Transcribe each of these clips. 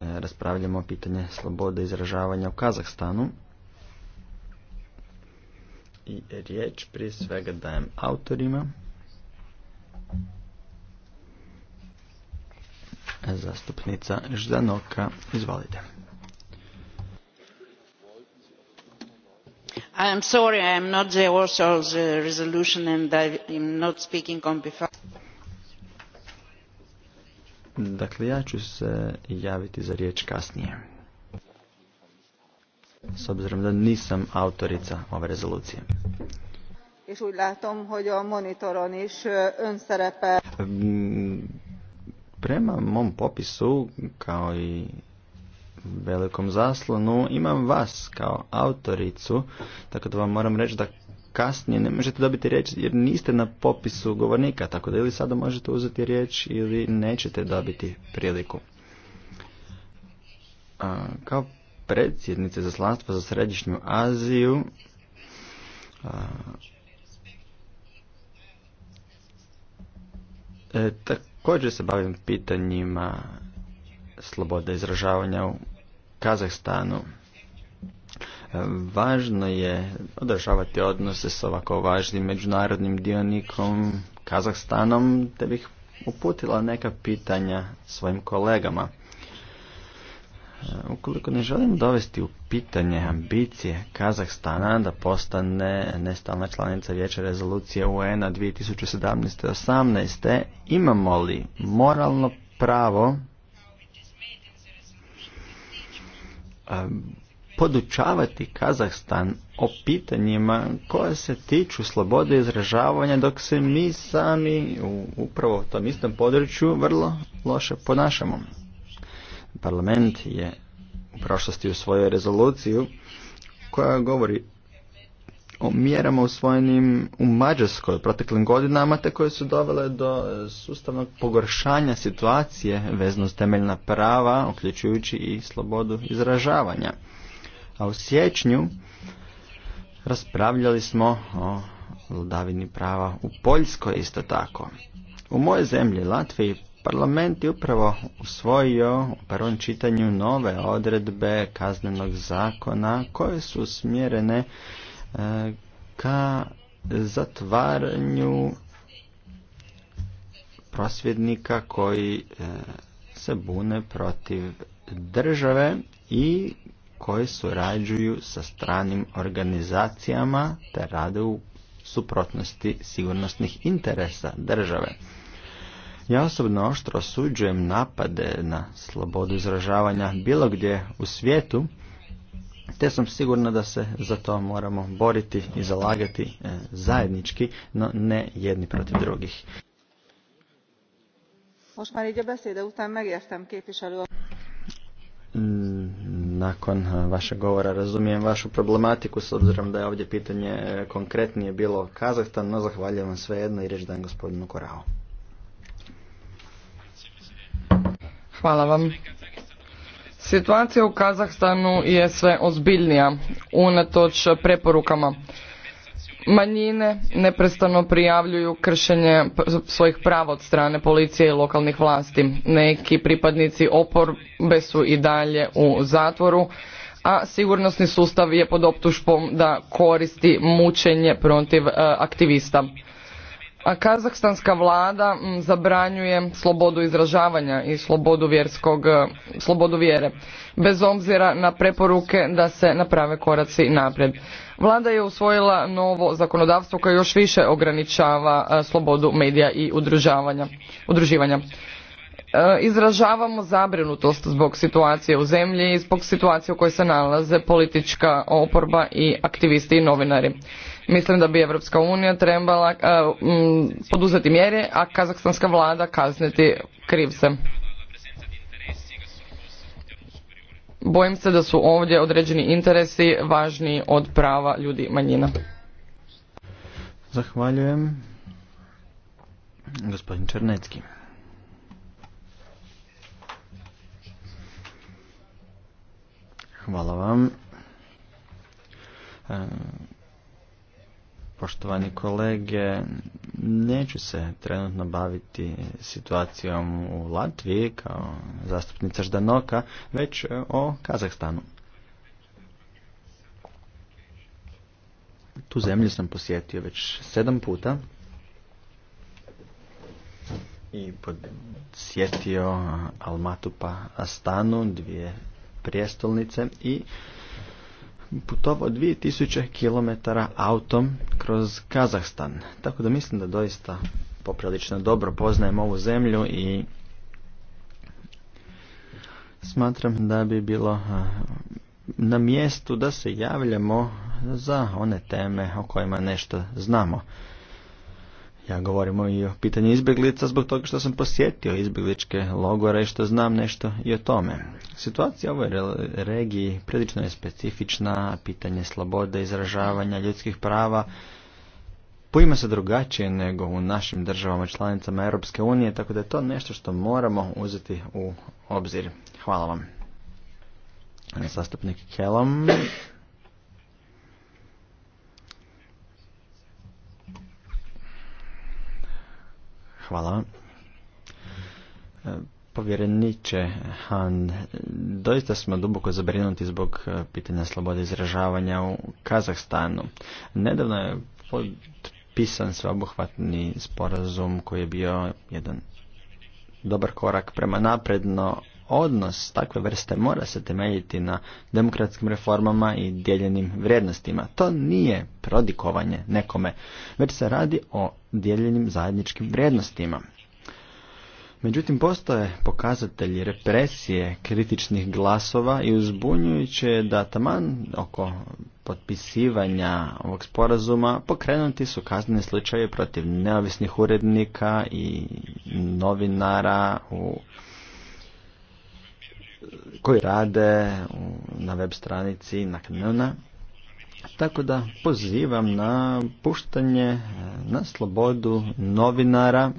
E, raspravljamo pitanje slobode izražavanja u Kazahstanu. I riječ prije svega dajem autorima. E, zastupnica Ždanoka, izvolite. I am sorry, I am not the author of the resolution and I am not speaking on behalf. Dakle, ja ću se javiti za riječ kasnije. S obzirom da nisam autorica ove rezolucije. És látom, mm, Prema mom popisu, kao i velikom zaslonu, imam vas kao autoricu, tako da vam moram reći da kasnije ne možete dobiti riječ jer niste na popisu govornika, tako da ili sada možete uzeti riječ ili nećete dobiti priliku. Kao predsjednice slanstvo za Središnju Aziju e, također se bavim pitanjima slobode izražavanja u Kazahstanu. Važno je održavati odnose s ovako važnim međunarodnim dionikom Kazahstanom, te bih uputila neka pitanja svojim kolegama. E, ukoliko ne želim dovesti u pitanje ambicije Kazahstana da postane nestalna članica Vijeća rezolucije UN-a 2017-18, imamo li moralno pravo e, podučavati Kazahstan o pitanjima koje se tiču slobode izražavanja dok se mi sami u upravo tom istom području vrlo loše ponašamo. Parlament je u prošlosti usvojio rezoluciju koja govori o mjerama usvojenim u Mađarskoj proteklim godinama te koje su dovele do sustavnog pogoršanja situacije vezno s temeljna prava, uključujući i slobodu izražavanja. A u siječnju raspravljali smo o vladavini prava u Poljskoj isto tako. U moje zemlji Latviji parlament je upravo usvojio u prvom čitanju nove odredbe kaznenog zakona koje su usmjerene e, ka zatvaranju prosvjednika koji e, se bune protiv države i koje surađuju sa stranim organizacijama te rade u suprotnosti sigurnosnih interesa države. Ja osobno oštro osuđujem napade na slobodu izražavanja bilo gdje u svijetu, te sam sigurna da se za to moramo boriti i zalagati e, zajednički, no ne jedni protiv drugih nakon vašeg govora razumijem vašu problematiku s obzirom da je ovdje pitanje e, konkretnije bilo Kazahstan, no zahvaljujem vam jedno i reći dan gospodinu Korao. Hvala vam. Situacija u Kazahstanu je sve ozbiljnija unatoč preporukama manjine neprestano prijavljuju kršenje svojih prava od strane policije i lokalnih vlasti. Neki pripadnici oporbe su i dalje u zatvoru, a sigurnosni sustav je pod optužbom da koristi mučenje protiv e, aktivista. A kazahstanska vlada zabranjuje slobodu izražavanja i slobodu, vjerskog, e, slobodu vjere, bez obzira na preporuke da se naprave koraci naprijed. Vlada je usvojila novo zakonodavstvo koje još više ograničava e, slobodu medija i udruživanja. E, izražavamo zabrinutost zbog situacije u zemlji i zbog situacije u kojoj se nalaze politička oporba i aktivisti i novinari. Mislim da bi Evropska unija trebala e, poduzeti mjere, a kazahstanska vlada kazniti krivce. bojim se da su ovdje određeni interesi važniji od prava ljudi manjina. Zahvaljujem. Gospodin Černecki. Hvala vam. E, Poštovani kolege, neću se trenutno baviti situacijom u Latviji kao zastupnica Ždanoka, već e, o Kazahstanu. Tu zemlju sam posjetio već sedam puta i posjetio Almatu Astanu, dvije prijestolnice i putovao 2000 km autom kroz Kazahstan. Tako da mislim da doista poprilično dobro poznajem ovu zemlju i smatram da bi bilo na mjestu da se javljamo za one teme o kojima nešto znamo. Ja govorim i o pitanju izbjeglica zbog toga što sam posjetio izbjegličke logore i što znam nešto i o tome. Situacija u ovoj regiji prilično je specifična, pitanje slobode, izražavanja ljudskih prava poima se drugačije nego u našim državama članicama Europske unije, tako da je to nešto što moramo uzeti u obzir. Hvala vam. Zastupnik Kelom. Hvala. E, povjereniče Han, doista smo duboko zabrinuti zbog e, pitanja slobode izražavanja u Kazahstanu. Nedavno je potpisan sveobuhvatni sporazum koji je bio jedan dobar korak prema napredno odnos takve vrste mora se temeljiti na demokratskim reformama i dijeljenim vrijednostima. To nije prodikovanje nekome, već se radi o dijeljenim zajedničkim vrijednostima. Međutim, postoje pokazatelji represije kritičnih glasova i uzbunjujuće je da taman oko potpisivanja ovog sporazuma pokrenuti su kaznene slučaje protiv neovisnih urednika i novinara u koji rade na web stranici naknadna. Tako da pozivam na puštanje e, na slobodu novinara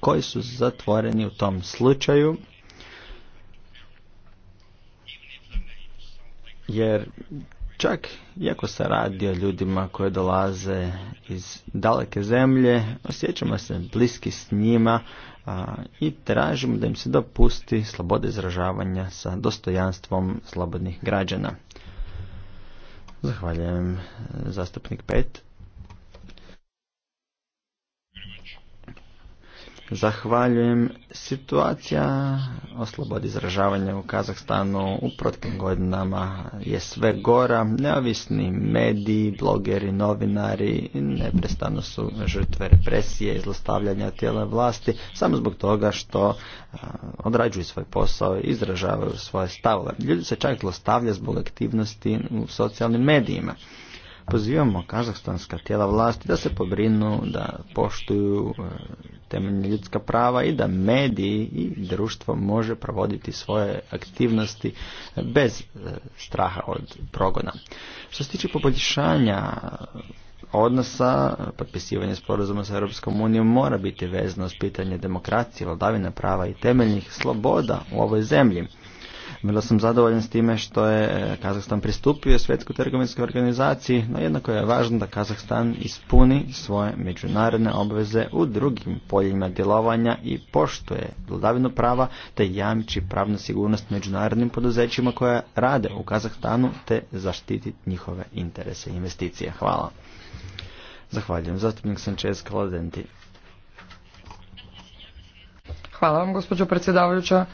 koji su zatvoreni u tom slučaju. Jer čak iako se radi o ljudima koji dolaze iz daleke zemlje, osjećamo se bliski s njima a, i tražimo da im se dopusti slobode izražavanja sa dostojanstvom slobodnih građana. Zahvaljujem zastupnik Pet. Zahvaljujem. Situacija o slobodi izražavanja u Kazahstanu u proteklim godinama je sve gora. Neovisni mediji, blogeri, novinari neprestano su žrtve represije i zlostavljanja tijela vlasti samo zbog toga što odrađuju svoj posao i izražavaju svoje stavove. Ljudi se čak zlostavlja zbog aktivnosti u socijalnim medijima pozivamo kazahstanska tijela vlasti da se pobrinu, da poštuju e, temeljne ljudska prava i da mediji i društvo može provoditi svoje aktivnosti bez e, straha od progona. Što se tiče poboljšanja odnosa, potpisivanje sporazuma sa Europskom unijom mora biti vezno s pitanje demokracije, vladavine prava i temeljnih sloboda u ovoj zemlji. Bilo sam zadovoljan s time što je e, Kazahstan pristupio svjetskoj trgovinskoj organizaciji, no jednako je važno da Kazahstan ispuni svoje međunarodne obveze u drugim poljima djelovanja i poštuje vladavinu prava te jamči pravnu sigurnost međunarodnim poduzećima koja rade u Kazahstanu te zaštiti njihove interese i investicije. Hvala. Zahvaljujem. Zastupnik Sančez Kladenti. Hvala vam, gospođo predsjedavajuća.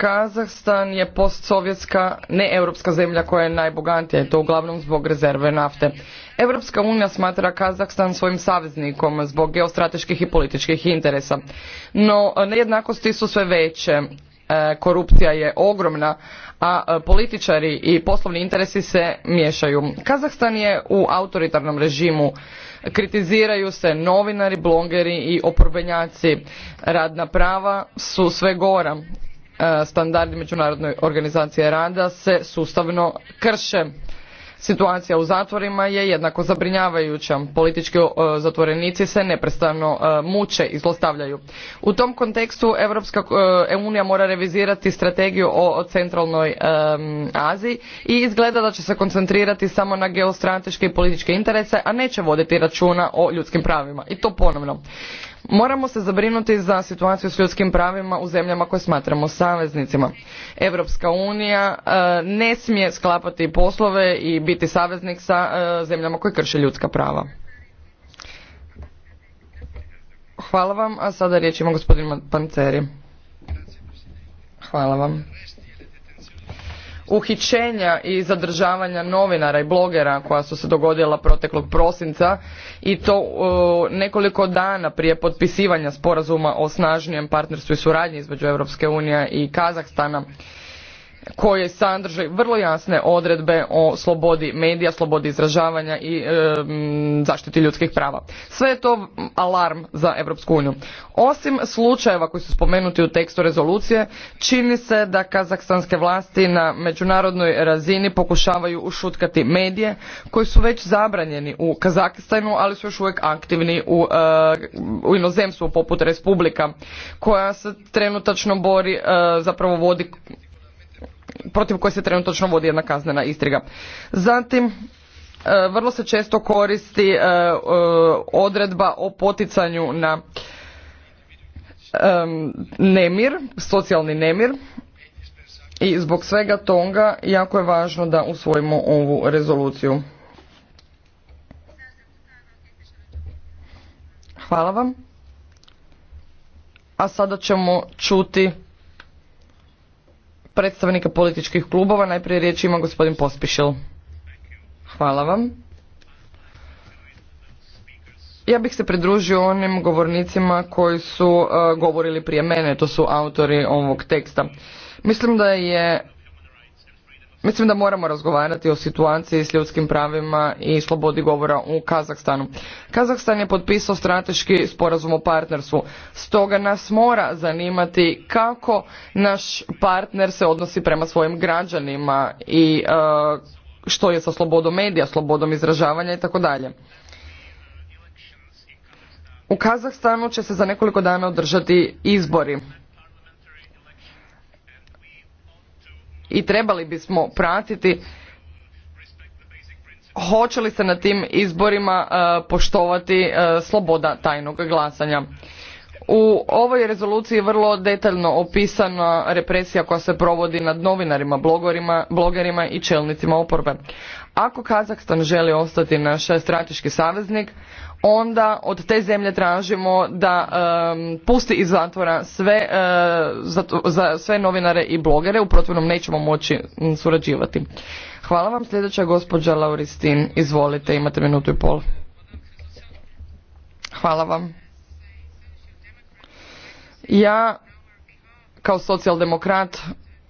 Kazahstan je postsovjetska, ne europska zemlja koja je najbogatija i to uglavnom zbog rezerve nafte. Europska unija smatra Kazahstan svojim saveznikom zbog geostrateških i političkih interesa. No nejednakosti su sve veće, e, korupcija je ogromna, a e, političari i poslovni interesi se miješaju. Kazahstan je u autoritarnom režimu. Kritiziraju se novinari, blongeri i oporbenjaci. Radna prava su sve gora E, standardi Međunarodne organizacije rada se sustavno krše. Situacija u zatvorima je jednako zabrinjavajuća. Politički e, zatvorenici se neprestano e, muče i zlostavljaju. U tom kontekstu Europska unija mora revizirati strategiju o centralnoj Aziji i izgleda da će se koncentrirati samo na geostrateške i političke interese, a neće voditi računa o ljudskim pravima. I to ponovno. Moramo se zabrinuti za situaciju s ljudskim pravima u zemljama koje smatramo saveznicima. Europska unija e, ne smije sklapati poslove i biti saveznik sa e, zemljama koje krše ljudska prava. Hvala vam, a sada riječ ima gospodin Panceri. Hvala vam uhićenja i zadržavanja novinara i blogera koja su se dogodila proteklog prosinca i to e, nekoliko dana prije potpisivanja sporazuma o snažnijem partnerstvu i suradnji između Europske unije i Kazahstana koje sadrže vrlo jasne odredbe o slobodi medija, slobodi izražavanja i e, zaštiti ljudskih prava. Sve je to alarm za Europsku uniju. Osim slučajeva koji su spomenuti u tekstu rezolucije, čini se da kazahstanske vlasti na međunarodnoj razini pokušavaju ušutkati medije koji su već zabranjeni u Kazahstanu, ali su još uvijek aktivni u, e, u inozemstvu poput Republika koja se trenutačno bori e, zapravo vodi protiv koje se trenutno vodi jedna kaznena istriga. Zatim, e, vrlo se često koristi e, e, odredba o poticanju na nemir, socijalni nemir i zbog svega toga jako je važno da usvojimo ovu rezoluciju. Hvala vam. A sada ćemo čuti predstavnika političkih klubova. Najprije riječ ima gospodin Pospišil. Hvala vam. Ja bih se pridružio onim govornicima koji su uh, govorili prije mene, to su autori ovog teksta. Mislim da je Mislim da moramo razgovarati o situaciji s ljudskim pravima i slobodi govora u Kazahstanu. Kazahstan je potpisao strateški sporazum o partnerstvu, stoga nas mora zanimati kako naš partner se odnosi prema svojim građanima i e, što je sa slobodom medija, slobodom izražavanja i tako dalje. U Kazahstanu će se za nekoliko dana održati izbori. i trebali bismo pratiti hoće li se na tim izborima e, poštovati e, sloboda tajnog glasanja. U ovoj rezoluciji je vrlo detaljno opisana represija koja se provodi nad novinarima, blogerima i čelnicima oporbe. Ako Kazahstan želi ostati naš strateški saveznik, onda od te zemlje tražimo da pusti iz zatvora sve, eh, za, za sve novinare i blogere, u protivnom nećemo moći surađivati. Hvala vam, sljedeća gospođa Lauristin, izvolite, imate minutu i pol. Hvala vam. Ja kao socijaldemokrat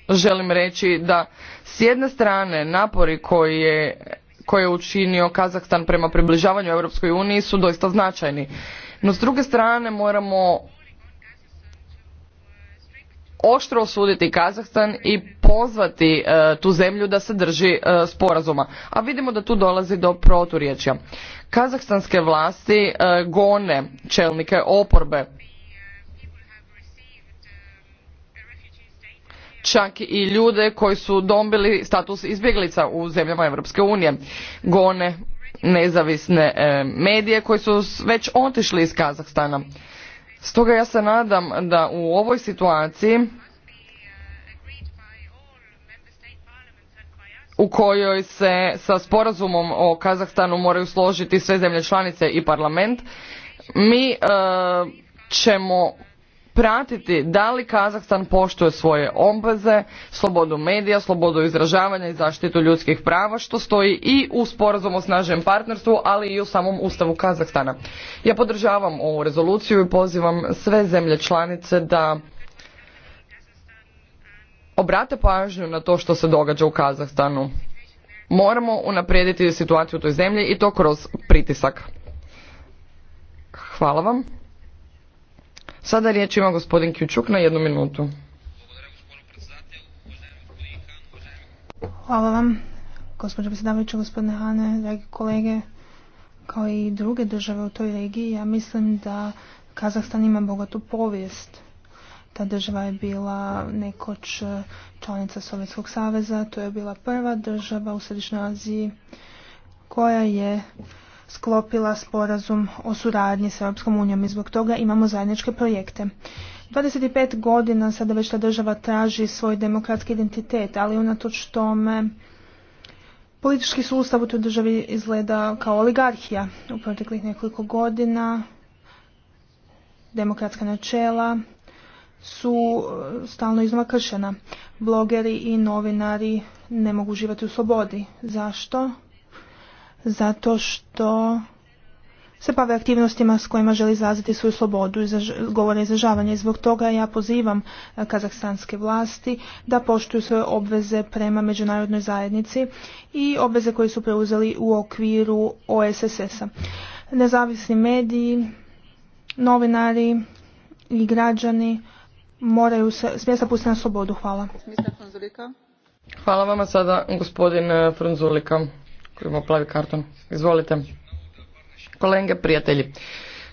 želim reći da s jedne strane napori koje koje je učinio Kazahstan prema približavanju Europskoj uniji su doista značajni. No s druge strane moramo oštro osuditi Kazahstan i pozvati e, tu zemlju da se drži e, sporazuma. A vidimo da tu dolazi do proturječja. Kazahstanske vlasti e, gone čelnike oporbe čak i ljude koji su dobili status izbjeglica u zemljama Europske unije. Gone nezavisne e, medije koji su već otišli iz Kazahstana. Stoga ja se nadam da u ovoj situaciji u kojoj se sa sporazumom o Kazahstanu moraju složiti sve zemlje članice i parlament, mi e, ćemo pratiti da li Kazahstan poštuje svoje obveze, slobodu medija, slobodu izražavanja i zaštitu ljudskih prava, što stoji i u sporazumu o snažem partnerstvu, ali i u samom Ustavu Kazahstana. Ja podržavam ovu rezoluciju i pozivam sve zemlje članice da obrate pažnju na to što se događa u Kazahstanu. Moramo unaprijediti situaciju u toj zemlji i to kroz pritisak. Hvala vam. Sada riječ ima gospodin Kjučuk na jednu minutu. Hvala vam, gospođo predsjedavajuća, gospodine Hane, dragi kolege, kao i druge države u toj regiji. Ja mislim da Kazahstan ima bogatu povijest. Ta država je bila nekoć e, članica Sovjetskog saveza, to je bila prva država u Središnjoj Aziji koja je sklopila sporazum o suradnji sa Europskom unijom i zbog toga imamo zajedničke projekte. 25 godina sada već ta država traži svoj demokratski identitet, ali unatoč tome politički sustav u toj državi izgleda kao oligarhija u proteklih nekoliko godina. Demokratska načela su e, stalno iznova Blogeri i novinari ne mogu živjeti u slobodi. Zašto? zato što se bave aktivnostima s kojima želi izraziti svoju slobodu i govore izražavanje. zbog toga ja pozivam e, kazahstanske vlasti da poštuju svoje obveze prema međunarodnoj zajednici i obveze koje su preuzeli u okviru OSSS-a. Nezavisni mediji, novinari i građani moraju se smjesta pustiti na slobodu. Hvala. Hvala vama sada gospodin e, Frunzulika imamo plavi karton. Izvolite. Kolege, prijatelji.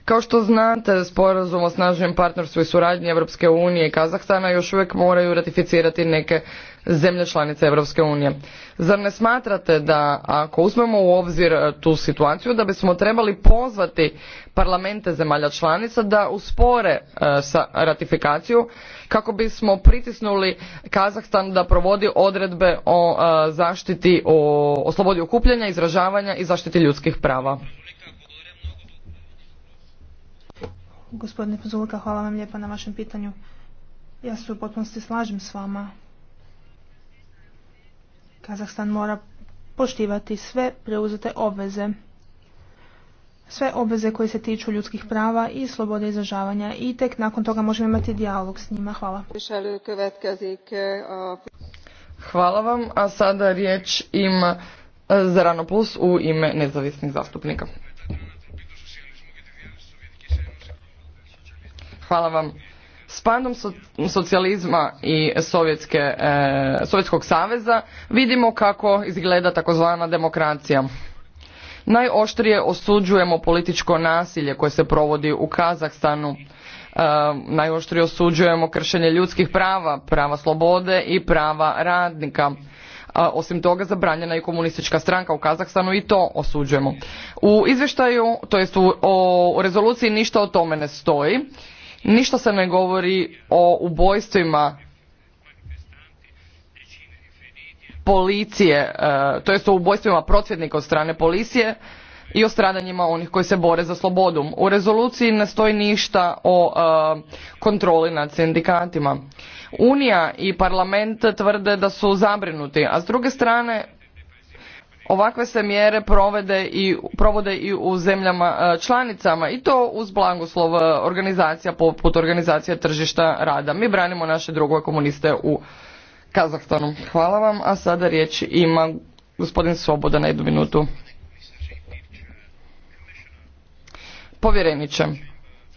Kao što znate, sporazum o snažnjem partnerstvu i suradnji Europske unije i Kazahstana još uvijek moraju ratificirati neke zemlje članice Europske unije. Zar ne smatrate da ako uzmemo u obzir e, tu situaciju da bismo trebali pozvati parlamente zemalja članica da uspore e, sa ratifikaciju kako bismo pritisnuli Kazahstan da provodi odredbe o e, zaštiti o, slobodi okupljanja, izražavanja i zaštiti ljudskih prava? Gospodine Pozulka, hvala vam lijepa na vašem pitanju. Ja se u potpunosti slažem s vama Kazahstan mora poštivati sve preuzete obveze. Sve obveze koje se tiču ljudskih prava i slobode izražavanja i tek nakon toga možemo imati dijalog s njima. Hvala. Hvala vam, a sada riječ ima e, Zerano Plus u ime nezavisnih zastupnika. Hvala vam. S padom socijalizma i Sovjetske, e, Sovjetskog saveza vidimo kako izgleda takozvana demokracija. Najoštrije osuđujemo političko nasilje koje se provodi u Kazahstanu. E, najoštrije osuđujemo kršenje ljudskih prava, prava slobode i prava radnika. E, osim toga zabranjena je komunistička stranka u Kazahstanu i to osuđujemo. U izvještaju, to jest u, o, rezoluciji ništa o tome ne stoji. Ništa se ne govori o ubojstvima policije, e, to jest o ubojstvima prosvjednika od strane policije i o stradanjima onih koji se bore za slobodu. U rezoluciji ne stoji ništa o e, kontroli nad sindikatima. Unija i parlament tvrde da su zabrinuti, a s druge strane Ovakve se mjere i, provode i u zemljama e, članicama i to uz blagoslov e, organizacija poput organizacija tržišta rada. Mi branimo naše drugove komuniste u Kazahstanu. Hvala vam, a sada riječ ima gospodin Svoboda na jednu minutu. Povjereniče,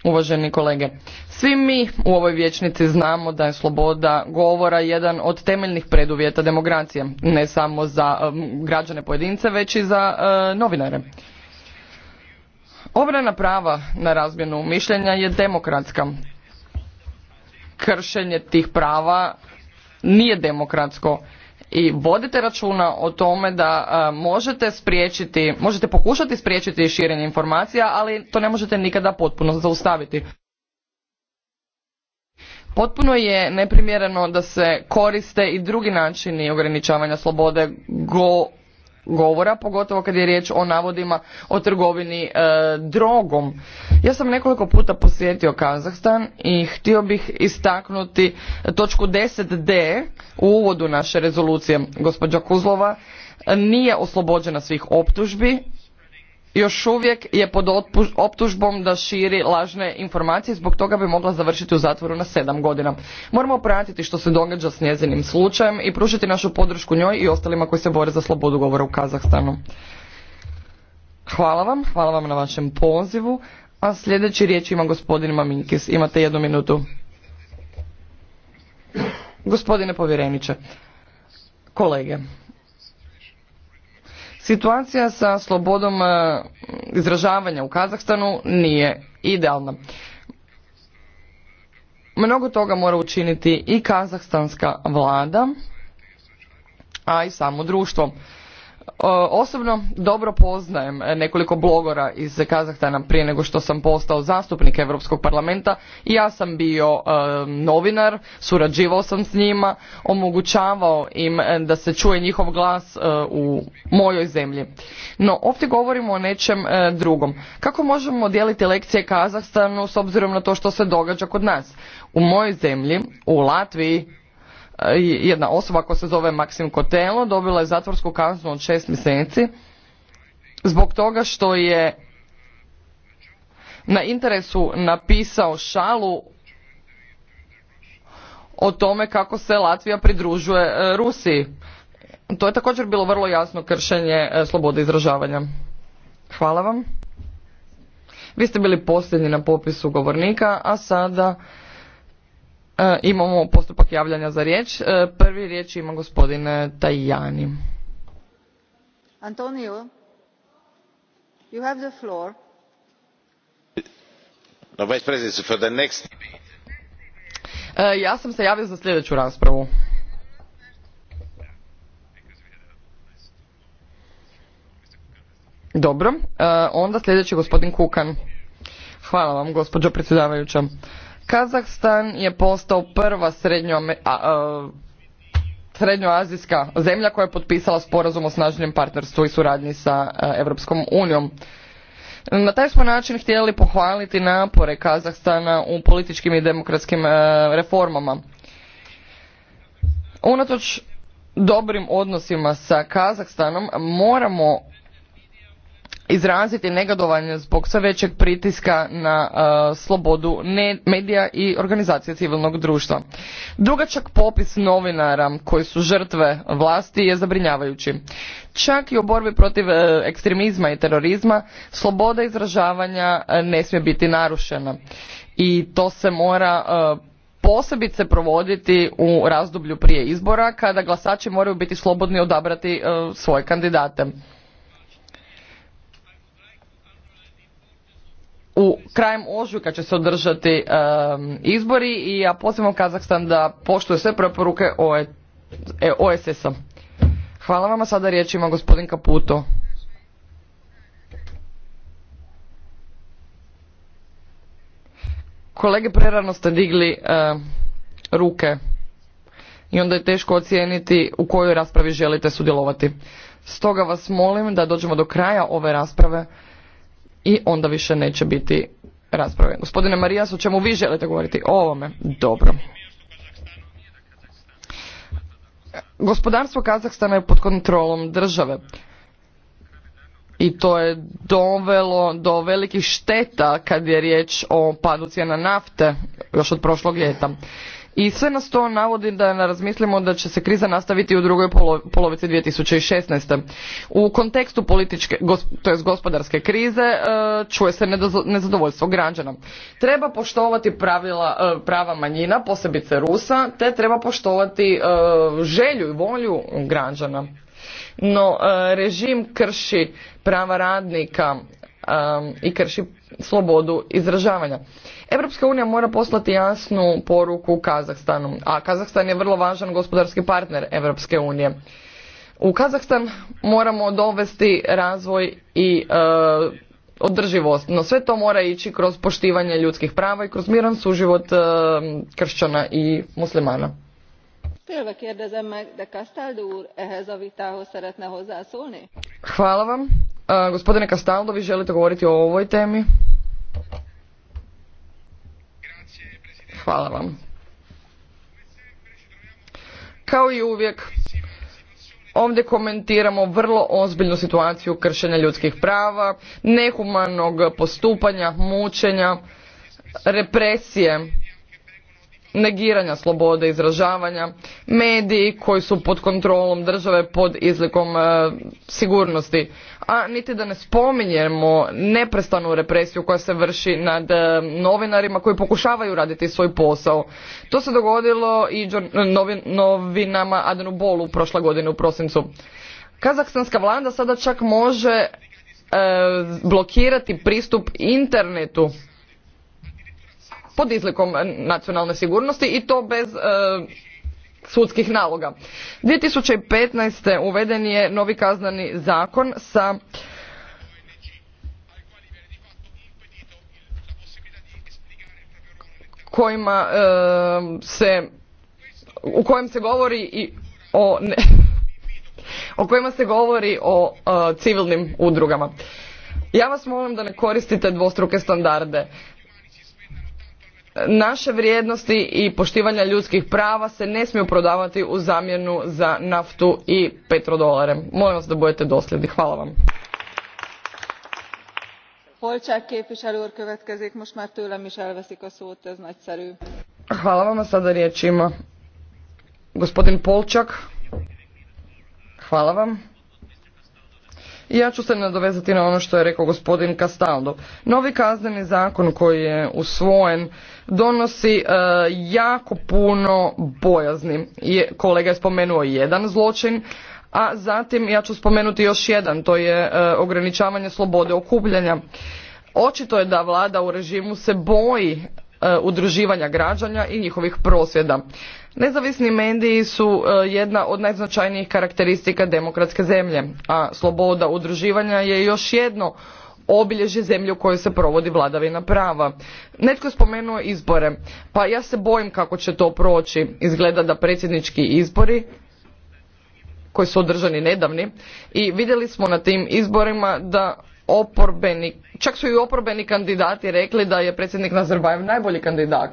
uvaženi kolege. Svi mi u ovoj vječnici znamo da je sloboda govora jedan od temeljnih preduvjeta demokracije, ne samo za um, građane pojedince, već i za uh, novinare. Obrana prava na razmjenu mišljenja je demokratska. Kršenje tih prava nije demokratsko i vodite računa o tome da e, možete spriječiti, možete pokušati spriječiti širenje informacija, ali to ne možete nikada potpuno zaustaviti. Potpuno je neprimjereno da se koriste i drugi načini ograničavanja slobode go, govora, pogotovo kad je riječ o navodima o trgovini e, drogom. Ja sam nekoliko puta posjetio Kazahstan i htio bih istaknuti točku 10D u uvodu naše rezolucije. Gospođa Kuzlova nije oslobođena svih optužbi još uvijek je pod optužbom da širi lažne informacije zbog toga bi mogla završiti u zatvoru na sedam godina. Moramo pratiti što se događa s njezinim slučajem i pružiti našu podršku njoj i ostalima koji se bore za slobodu govora u Kazahstanu. Hvala vam, hvala vam na vašem pozivu. A sljedeći riječ ima gospodin Maminkis. Imate jednu minutu. Gospodine povjereniče, kolege, Situacija sa slobodom e, izražavanja u Kazahstanu nije idealna. Mnogo toga mora učiniti i kazahstanska vlada, a i samo društvo. E, osobno dobro poznajem e, nekoliko blogora iz Kazahstana prije nego što sam postao zastupnik Europskog parlamenta i ja sam bio e, novinar, surađivao sam s njima, omogućavao im da se čuje njihov glas u mojoj zemlji. No, ovdje govorimo o nečem drugom. Kako možemo dijeliti lekcije Kazahstanu s obzirom na to što se događa kod nas? U mojoj zemlji, u Latviji, Eh, jedna osoba koja se zove Maksim Kotelo dobila je zatvorsku kaznu od šest mjeseci zbog toga što je na interesu napisao šalu o tome kako se Latvija pridružuje eh, Rusiji. To je također bilo vrlo jasno kršenje eh, slobode izražavanja. Hvala vam. Vi ste bili posljednji na popisu govornika, a sada E, imamo postupak javljanja za riječ. E, prvi riječ ima gospodin e, Tajani. Antonio, you have the floor. No, vice president, for the next... Ja sam se javio za sljedeću raspravu. Dobro, onda sljedeći gospodin Kukan. Hvala vam, gospođo predsjedavajuća. Kazahstan je postao prva srednjoazijska zemlja koja je potpisala sporazum o snažnjem partnerstvu i suradnji sa Europskom unijom. Na taj smo način htjeli pohvaliti napore Kazahstana u političkim i demokratskim e, reformama. Unatoč dobrim odnosima sa Kazahstanom moramo izraziti negodovanje zbog sve većeg pritiska na uh, slobodu ne, medija i organizacije civilnog društva. Drugačak popis novinara koji su žrtve vlasti je zabrinjavajući. Čak i u borbi protiv uh, ekstremizma i terorizma sloboda izražavanja uh, ne smije biti narušena i to se mora posebice provoditi u razdoblju prije izbora kada glasači moraju biti slobodni odabrati svoje kandidate. u krajem ožujka će se održati izbori i ja pozivam Kazahstan da poštuje sve preporuke OSS-a. E, e, Hvala vama sada riječ ima gospodin Kaputo. Kolege, prerano ste digli ruke i onda je teško ocijeniti u kojoj raspravi želite sudjelovati. Stoga vas molim da dođemo do kraja ove rasprave i onda više neće biti rasprave. Gospodine Marijas, o čemu vi želite govoriti? O ovome. Dobro. Gospodarstvo Kazahstana je pod kontrolom države i to je dovelo do velikih šteta kad je riječ o padu cijena nafte još od prošlog ljeta. I sve nas to navodi da ne razmislimo da će se kriza nastaviti u drugoj polovici 2016. U kontekstu političke, to gospodarske krize, e, čuje se nezadovoljstvo građana. Treba poštovati pravila, e, prava manjina, posebice Rusa, te treba poštovati e, želju i volju građana. No, režim krši prava radnika i krši slobodu izražavanja. Europska unija mora poslati jasnu poruku Kazahstanu, a Kazahstan je vrlo važan gospodarski partner Europske unije. U Kazahstan moramo dovesti razvoj i e, održivost, no sve to mora ići kroz poštivanje ljudskih prava i kroz miran suživot e, kršćana i muslimana. Hvala vam gospodine Kastaldo, vi želite govoriti o ovoj temi? Hvala vam. Kao i uvijek, ovdje komentiramo vrlo ozbiljnu situaciju kršenja ljudskih prava, nehumanog postupanja, mučenja, represije, negiranja slobode izražavanja, mediji koji su pod kontrolom države pod izlikom e, sigurnosti a niti da ne spominjemo neprestanu represiju koja se vrši nad eh, novinarima koji pokušavaju raditi svoj posao. To se dogodilo i novinama Adenu Bolu prošle godine u prosincu. Kazahstanska vlada sada čak može eh, blokirati pristup internetu pod izlikom nacionalne sigurnosti i to bez eh, sudskih naloga. 2015. uveden je novi kaznani zakon sa kojima se u kojem se govori i o o kojima se govori o e, civilnim udrugama. Ja vas molim da ne koristite dvostruke standarde naše vrijednosti i poštivanja ljudskih prava se ne smiju prodavati u zamjenu za naftu i petrodolare. Molim vas da budete dosljedni. Hvala vam. Hvala vam, a sada riječ ima gospodin Polčak. Hvala vam. Ja ću se nadovezati na ono što je rekao gospodin Castaldo. Novi kazneni zakon koji je usvojen donosi e, jako puno bojazni. Je, kolega je spomenuo jedan zločin, a zatim ja ću spomenuti još jedan, to je e, ograničavanje slobode okupljanja. Očito je da vlada u režimu se boji e, udruživanja građana i njihovih prosvjeda. Nezavisni mediji su e, jedna od najznačajnijih karakteristika demokratske zemlje, a sloboda udruživanja je još jedno obilježje zemlje u kojoj se provodi vladavina prava. Netko je spomenuo izbore, pa ja se bojim kako će to proći. Izgleda da predsjednički izbori koji su održani nedavni i vidjeli smo na tim izborima da oporbeni, čak su i oporbeni kandidati rekli da je predsjednik Nazarbajev najbolji kandidat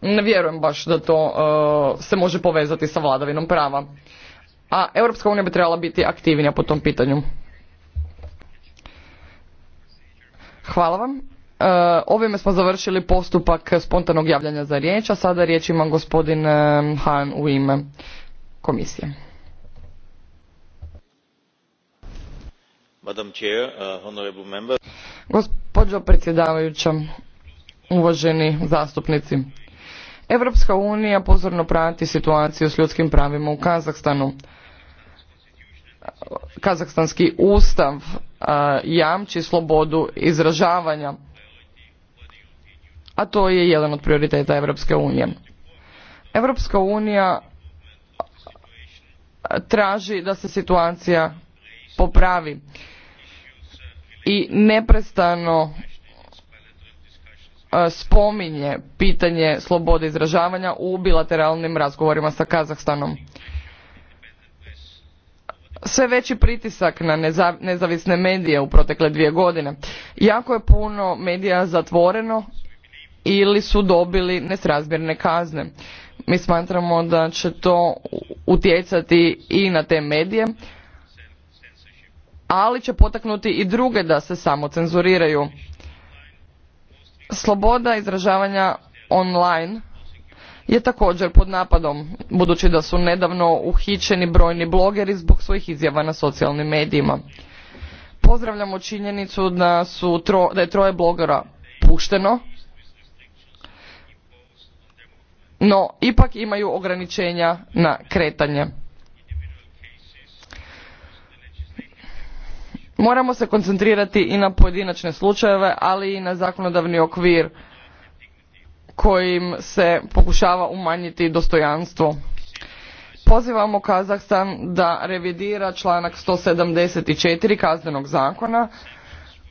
ne vjerujem baš da to e, se može povezati sa vladavinom prava. A Europska unija bi trebala biti aktivnija po tom pitanju. Hvala vam. E, ovime smo završili postupak spontanog javljanja za riječ, a sada riječ ima gospodin e, Han u ime komisije. Madam Chair, uh, predsjedavajuća, uvaženi zastupnici, Europska unija pozorno prati situaciju s ljudskim pravima u Kazahstanu. Kazahstanski ustav jamči slobodu izražavanja, a to je jedan od prioriteta Europske unije. Europska unija traži da se situacija popravi i neprestano E, spominje pitanje slobode izražavanja u bilateralnim razgovorima sa Kazahstanom. Sve veći pritisak na nezavisne medije u protekle dvije godine. Jako je puno medija zatvoreno ili su dobili nesrazmjerne kazne. Mi smatramo da će to utjecati i na te medije, ali će potaknuti i druge da se samo cenzuriraju sloboda izražavanja online je također pod napadom budući da su nedavno uhićeni brojni blogeri zbog svojih izjava na socijalnim medijima pozdravljamo činjenicu da, da je troje blogera pušteno no ipak imaju ograničenja na kretanje Moramo se koncentrirati i na pojedinačne slučajeve, ali i na zakonodavni okvir kojim se pokušava umanjiti dostojanstvo. Pozivamo Kazahstan da revidira članak 174 kaznenog zakona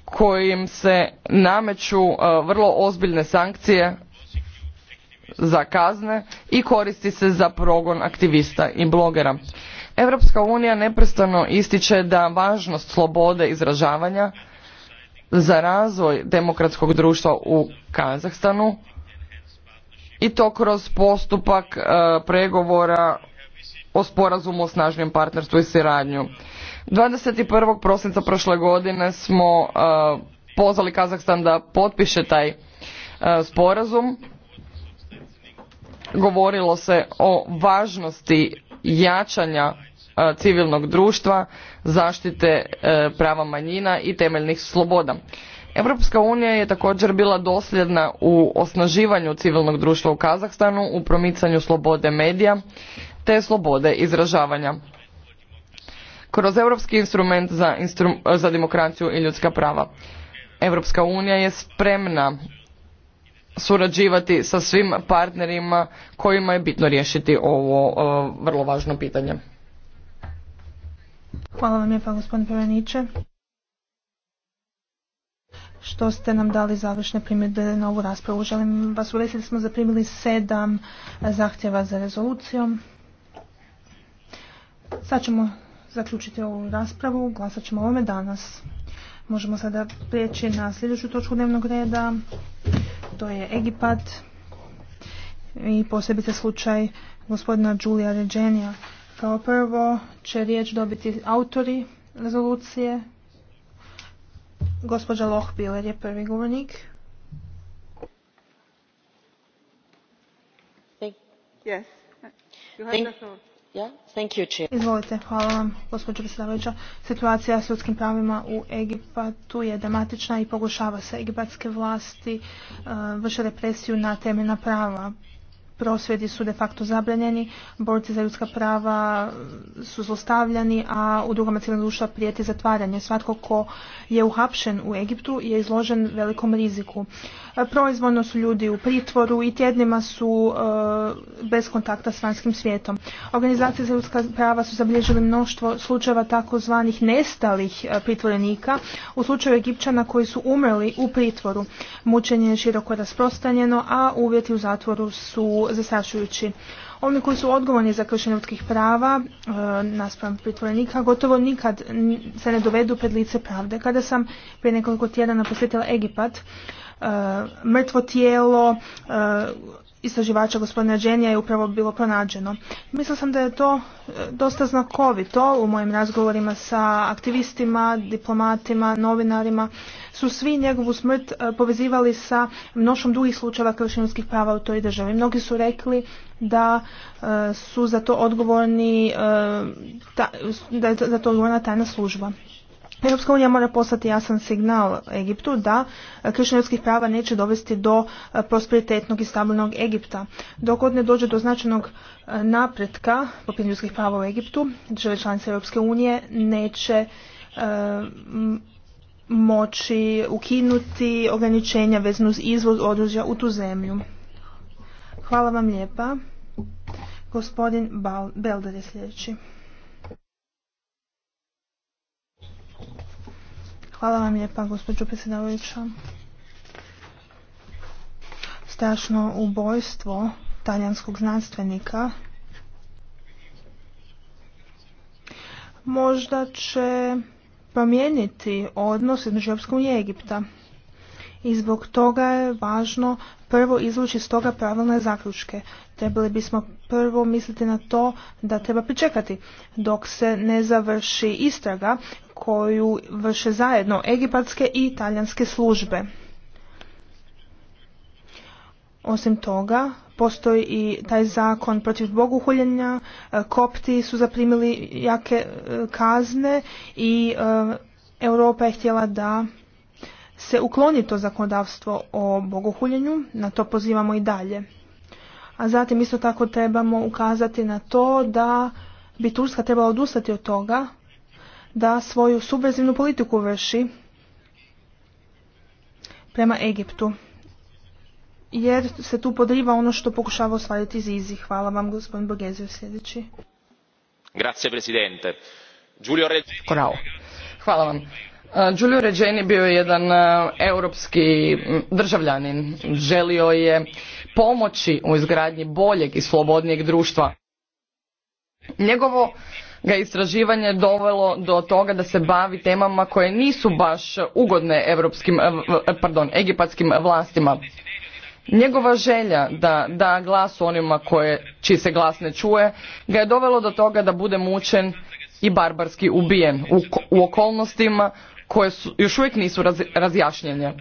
kojim se nameću e, vrlo ozbiljne sankcije za kazne i koristi se za progon aktivista i blogera. Europska unija neprestano ističe da važnost slobode izražavanja za razvoj demokratskog društva u Kazahstanu i to kroz postupak e, pregovora o sporazumu o snažnijem partnerstvu i twenty 21. prosinca prošle godine smo e, pozvali Kazahstan da potpiše taj e, sporazum. Govorilo se o važnosti jačanja e, civilnog društva, zaštite e, prava manjina i temeljnih sloboda. Europska unija je također bila dosljedna u osnaživanju civilnog društva u Kazahstanu, u promicanju slobode medija te slobode izražavanja. Kroz Europski instrument za, za demokraciju i ljudska prava. Europska unija je spremna surađivati sa svim partnerima kojima je bitno riješiti ovo e, vrlo važno pitanje. Hvala vam lijepa gospodine Pereniče. Što ste nam dali završne primjedbe na ovu raspravu. Želim vas uvesti da smo zaprimili sedam zahtjeva za rezolucijom. Sad ćemo zaključiti ovu raspravu. Glasat ćemo ovome danas. Možemo sada prijeći na sljedeću točku dnevnog reda. To je Egipat i posebice slučaj gospodina Đulija Regenia. Kao prvo će riječ dobiti autori rezolucije. Gospođa Lohbiler je prvi govornik. Yes hvala vam, gospođo predsjedavajuća. Situacija s ljudskim pravima u Egiptu je dramatična i pogušava se. Egipatske vlasti e, vrše represiju na temeljna prava. Prosvjedi su de facto zabranjeni, borci za ljudska prava su zlostavljani, a u drugama civilnog društva prijeti zatvaranje. Svatko ko je uhapšen u Egiptu je izložen velikom riziku. E, proizvoljno su ljudi u pritvoru i tjednima su e, bez kontakta s vanjskim svijetom. Organizacije za ljudska prava su zabilježile mnoštvo slučajeva takozvanih nestalih e, pritvorenika u slučaju Egipćana koji su umrli u pritvoru. Mučenje je široko rasprostanjeno, a uvjeti u zatvoru su zastrašujući. Oni koji su odgovorni za kršenje ljudskih prava e, naspram pritvorenika gotovo nikad se ne dovedu pred lice pravde. Kada sam prije nekoliko tjedana posjetila Egipat, e, mrtvo tijelo, istraživača gospodina Dženija je upravo bilo pronađeno. Mislila sam da je to e, dosta znakovito u mojim razgovorima sa aktivistima, diplomatima, novinarima. Su svi njegovu smrt e, povezivali sa mnošom drugih slučajeva kršenjskih prava u toj državi. Mnogi su rekli da e, su za to odgovorni, da je za to odgovorna tajna služba. Europska unija mora poslati jasan signal Egiptu da e, kršenje ljudskih prava neće dovesti do e, prosperitetnog i stabilnog Egipta. Dok god ne dođe do značajnog e, napretka po prava u Egiptu, države članice Europske unije neće moći ukinuti ograničenja vezano uz izvoz oružja u tu zemlju. Hvala vam lijepa. Gospodin Belder je sljedeći. Hvala vam lijepa, gospođo predsjedavajuća. Strašno ubojstvo talijanskog znanstvenika možda će promijeniti odnos između Europskog i Egipta. I zbog toga je važno prvo izvući stoga pravilne zaključke trebali bismo prvo misliti na to da treba pričekati dok se ne završi istraga koju vrše zajedno egipatske i talijanske službe. Osim toga, postoji i taj zakon protiv boguhuljenja, e, kopti su zaprimili jake e, kazne i e, Europa je htjela da se ukloni to zakonodavstvo o boguhuljenju, na to pozivamo i dalje. A zatim isto tako trebamo ukazati na to da bi Turska trebala odustati od toga da svoju subvezivnu politiku vrši prema Egiptu. Jer se tu podriva ono što pokušava osvajati Zizi. Hvala vam gospodin Bogezio sljedeći. Grazie presidente. Giulio Hvala vam. E, Giulio Regeni bio je jedan e, europski državljanin. Želio je pomoći u izgradnji boljeg i slobodnijeg društva. Njegovo ga istraživanje dovelo do toga da se bavi temama koje nisu baš ugodne evropskim, pardon, egipatskim vlastima. Njegova želja da da glas onima koje, čiji se glas ne čuje, ga je dovelo do toga da bude mučen i barbarski ubijen u, okolnostima koje su, još uvijek nisu razjašnjene.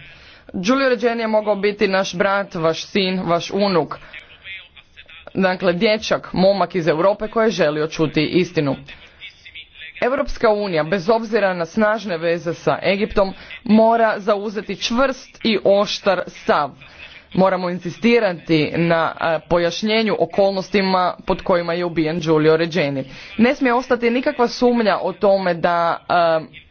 Giulio Regeni je mogao biti naš brat, vaš sin, vaš unuk. Dakle, dječak, momak iz Europe koji je želio čuti istinu. Europska unija, bez obzira na snažne veze sa Egiptom, mora zauzeti čvrst i oštar stav. Moramo insistirati na e, pojašnjenju okolnostima pod kojima je ubijen Giulio Regeni. Ne smije ostati nikakva sumnja o tome da e,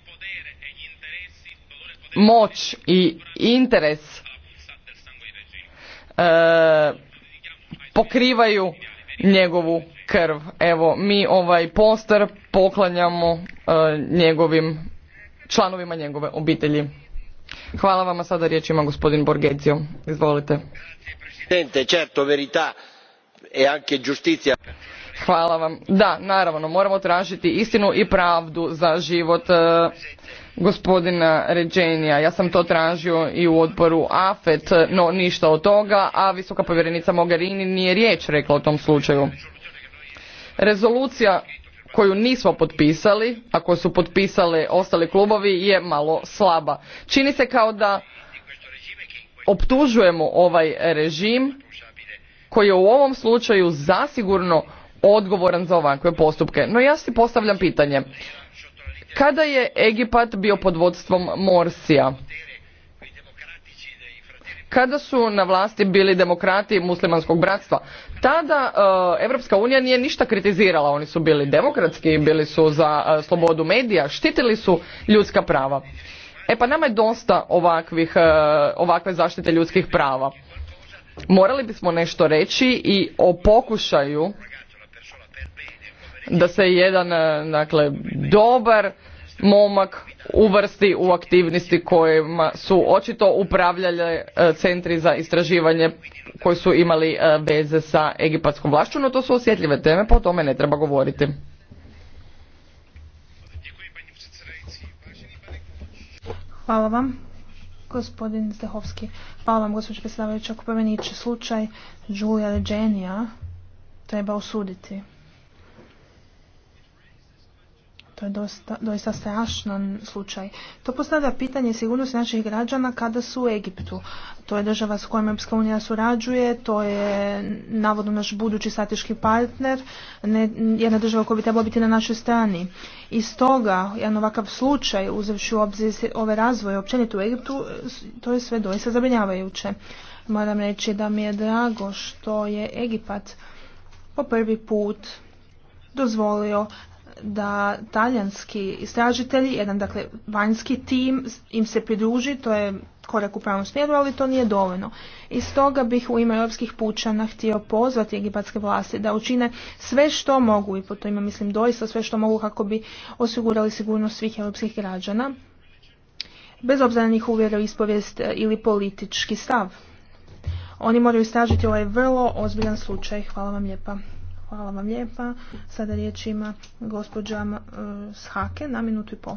moć i interes e, pokrivaju njegovu krv. Evo, mi ovaj poster poklanjamo e, njegovim članovima njegove obitelji. Hvala vama sada riječ ima gospodin Borgezio. Izvolite. Certo, e anche giustizia. Hvala vam. Da, naravno, moramo tražiti istinu i pravdu za život e, gospodina Ređenija. Ja sam to tražio i u odboru AFET, no ništa od toga, a visoka povjerenica Mogherini nije riječ rekla o tom slučaju. Rezolucija koju nismo potpisali, a koju su potpisali ostali klubovi, je malo slaba. Čini se kao da optužujemo ovaj režim koji je u ovom slučaju zasigurno odgovoran za ovakve postupke. No ja si postavljam pitanje, kada je Egipat bio pod vodstvom Morsija? Kada su na vlasti bili demokrati muslimanskog bratstva? Tada e, Evropska unija nije ništa kritizirala. Oni su bili demokratski, bili su za e, slobodu medija, štitili su ljudska prava. E pa nama je dosta e, ovakve zaštite ljudskih prava. Morali bismo nešto reći i o pokušaju da se jedan e, dakle, dobar momak uvrsti u aktivnosti kojima su očito upravljale centri za istraživanje koji su imali e, veze sa egipatskom vlašću, no to su osjetljive teme, pa o tome ne treba govoriti. Hvala vam, gospodin Zdehovski. Hvala vam, Ako slučaj treba osuditi. je dosta, doista strašan slučaj. To postavlja pitanje sigurnosti naših građana kada su u Egiptu. To je država s kojom Europska unija surađuje, to je navodno naš budući strateški partner, ne, jedna država koja bi trebala biti na našoj strani. I stoga, jedan ovakav slučaj, uzevši u obzir ove razvoje općenito u Egiptu, to je sve doista zabrinjavajuće. Moram reći da mi je drago što je Egipat po prvi put dozvolio da talijanski istražitelji, jedan dakle vanjski tim im se pridruži, to je korak u pravom smjeru, ali to nije dovoljno. I stoga bih u ime europskih pučana htio pozvati egipatske vlasti da učine sve što mogu, i po to ima mislim doista sve što mogu kako bi osigurali sigurnost svih europskih građana, bez obzira na njih uvjeru ispovijest e, ili politički stav. Oni moraju istražiti ovaj vrlo ozbiljan slučaj. Hvala vam lijepa. Hvala vam lijepa. Sada riječ ima gospođa e, Shake na minutu i pol.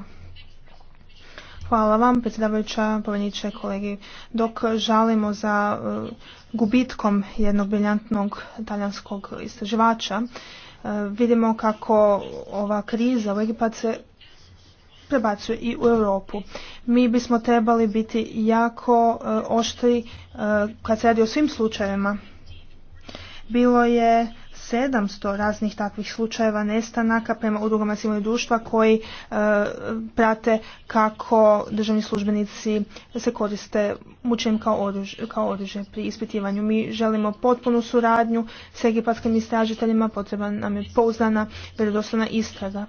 Hvala vam, predsjedavajuća, poveniče, kolegi. Dok žalimo za e, gubitkom jednog briljantnog talijanskog istraživača, e, vidimo kako ova kriza u Egipat se prebacuje i u Europu. Mi bismo trebali biti jako oštri kad se radi o svim slučajevima. Bilo je 700 raznih takvih slučajeva nestanaka prema udrugama civilnog društva koji e, prate kako državni službenici se koriste mučenjem kao oružje, kao oružje pri ispitivanju. Mi želimo potpunu suradnju s egipatskim istražiteljima, potreba nam je pouzdana, vjerodostojna istraga.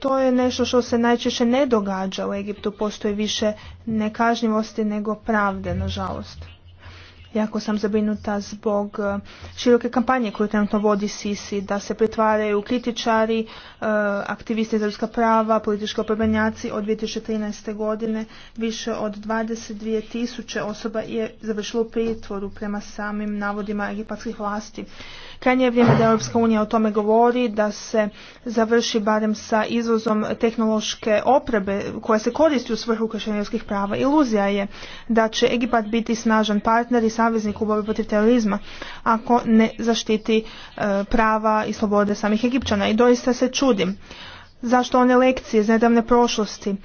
To je nešto što se najčešće ne događa u Egiptu, postoji više nekažnjivosti nego pravde, nažalost jako sam zabrinuta zbog e, široke kampanje koju trenutno vodi Sisi, da se pretvaraju kritičari, e, aktivisti za ljudska prava, politički opremenjaci od 2013. godine. Više od 22 tisuće osoba je završilo u pritvoru prema samim navodima egipatskih vlasti. Krajnje je vrijeme da Europska unija o tome govori, da se završi barem sa izvozom tehnološke oprebe koja se koristi u svrhu kršenja prava. Iluzija je da će Egipat biti snažan partner i saveznik u borbi protiv terorizma ako ne zaštiti e, prava i slobode samih Egipćana. I doista se čudim zašto one lekcije iz nedavne prošlosti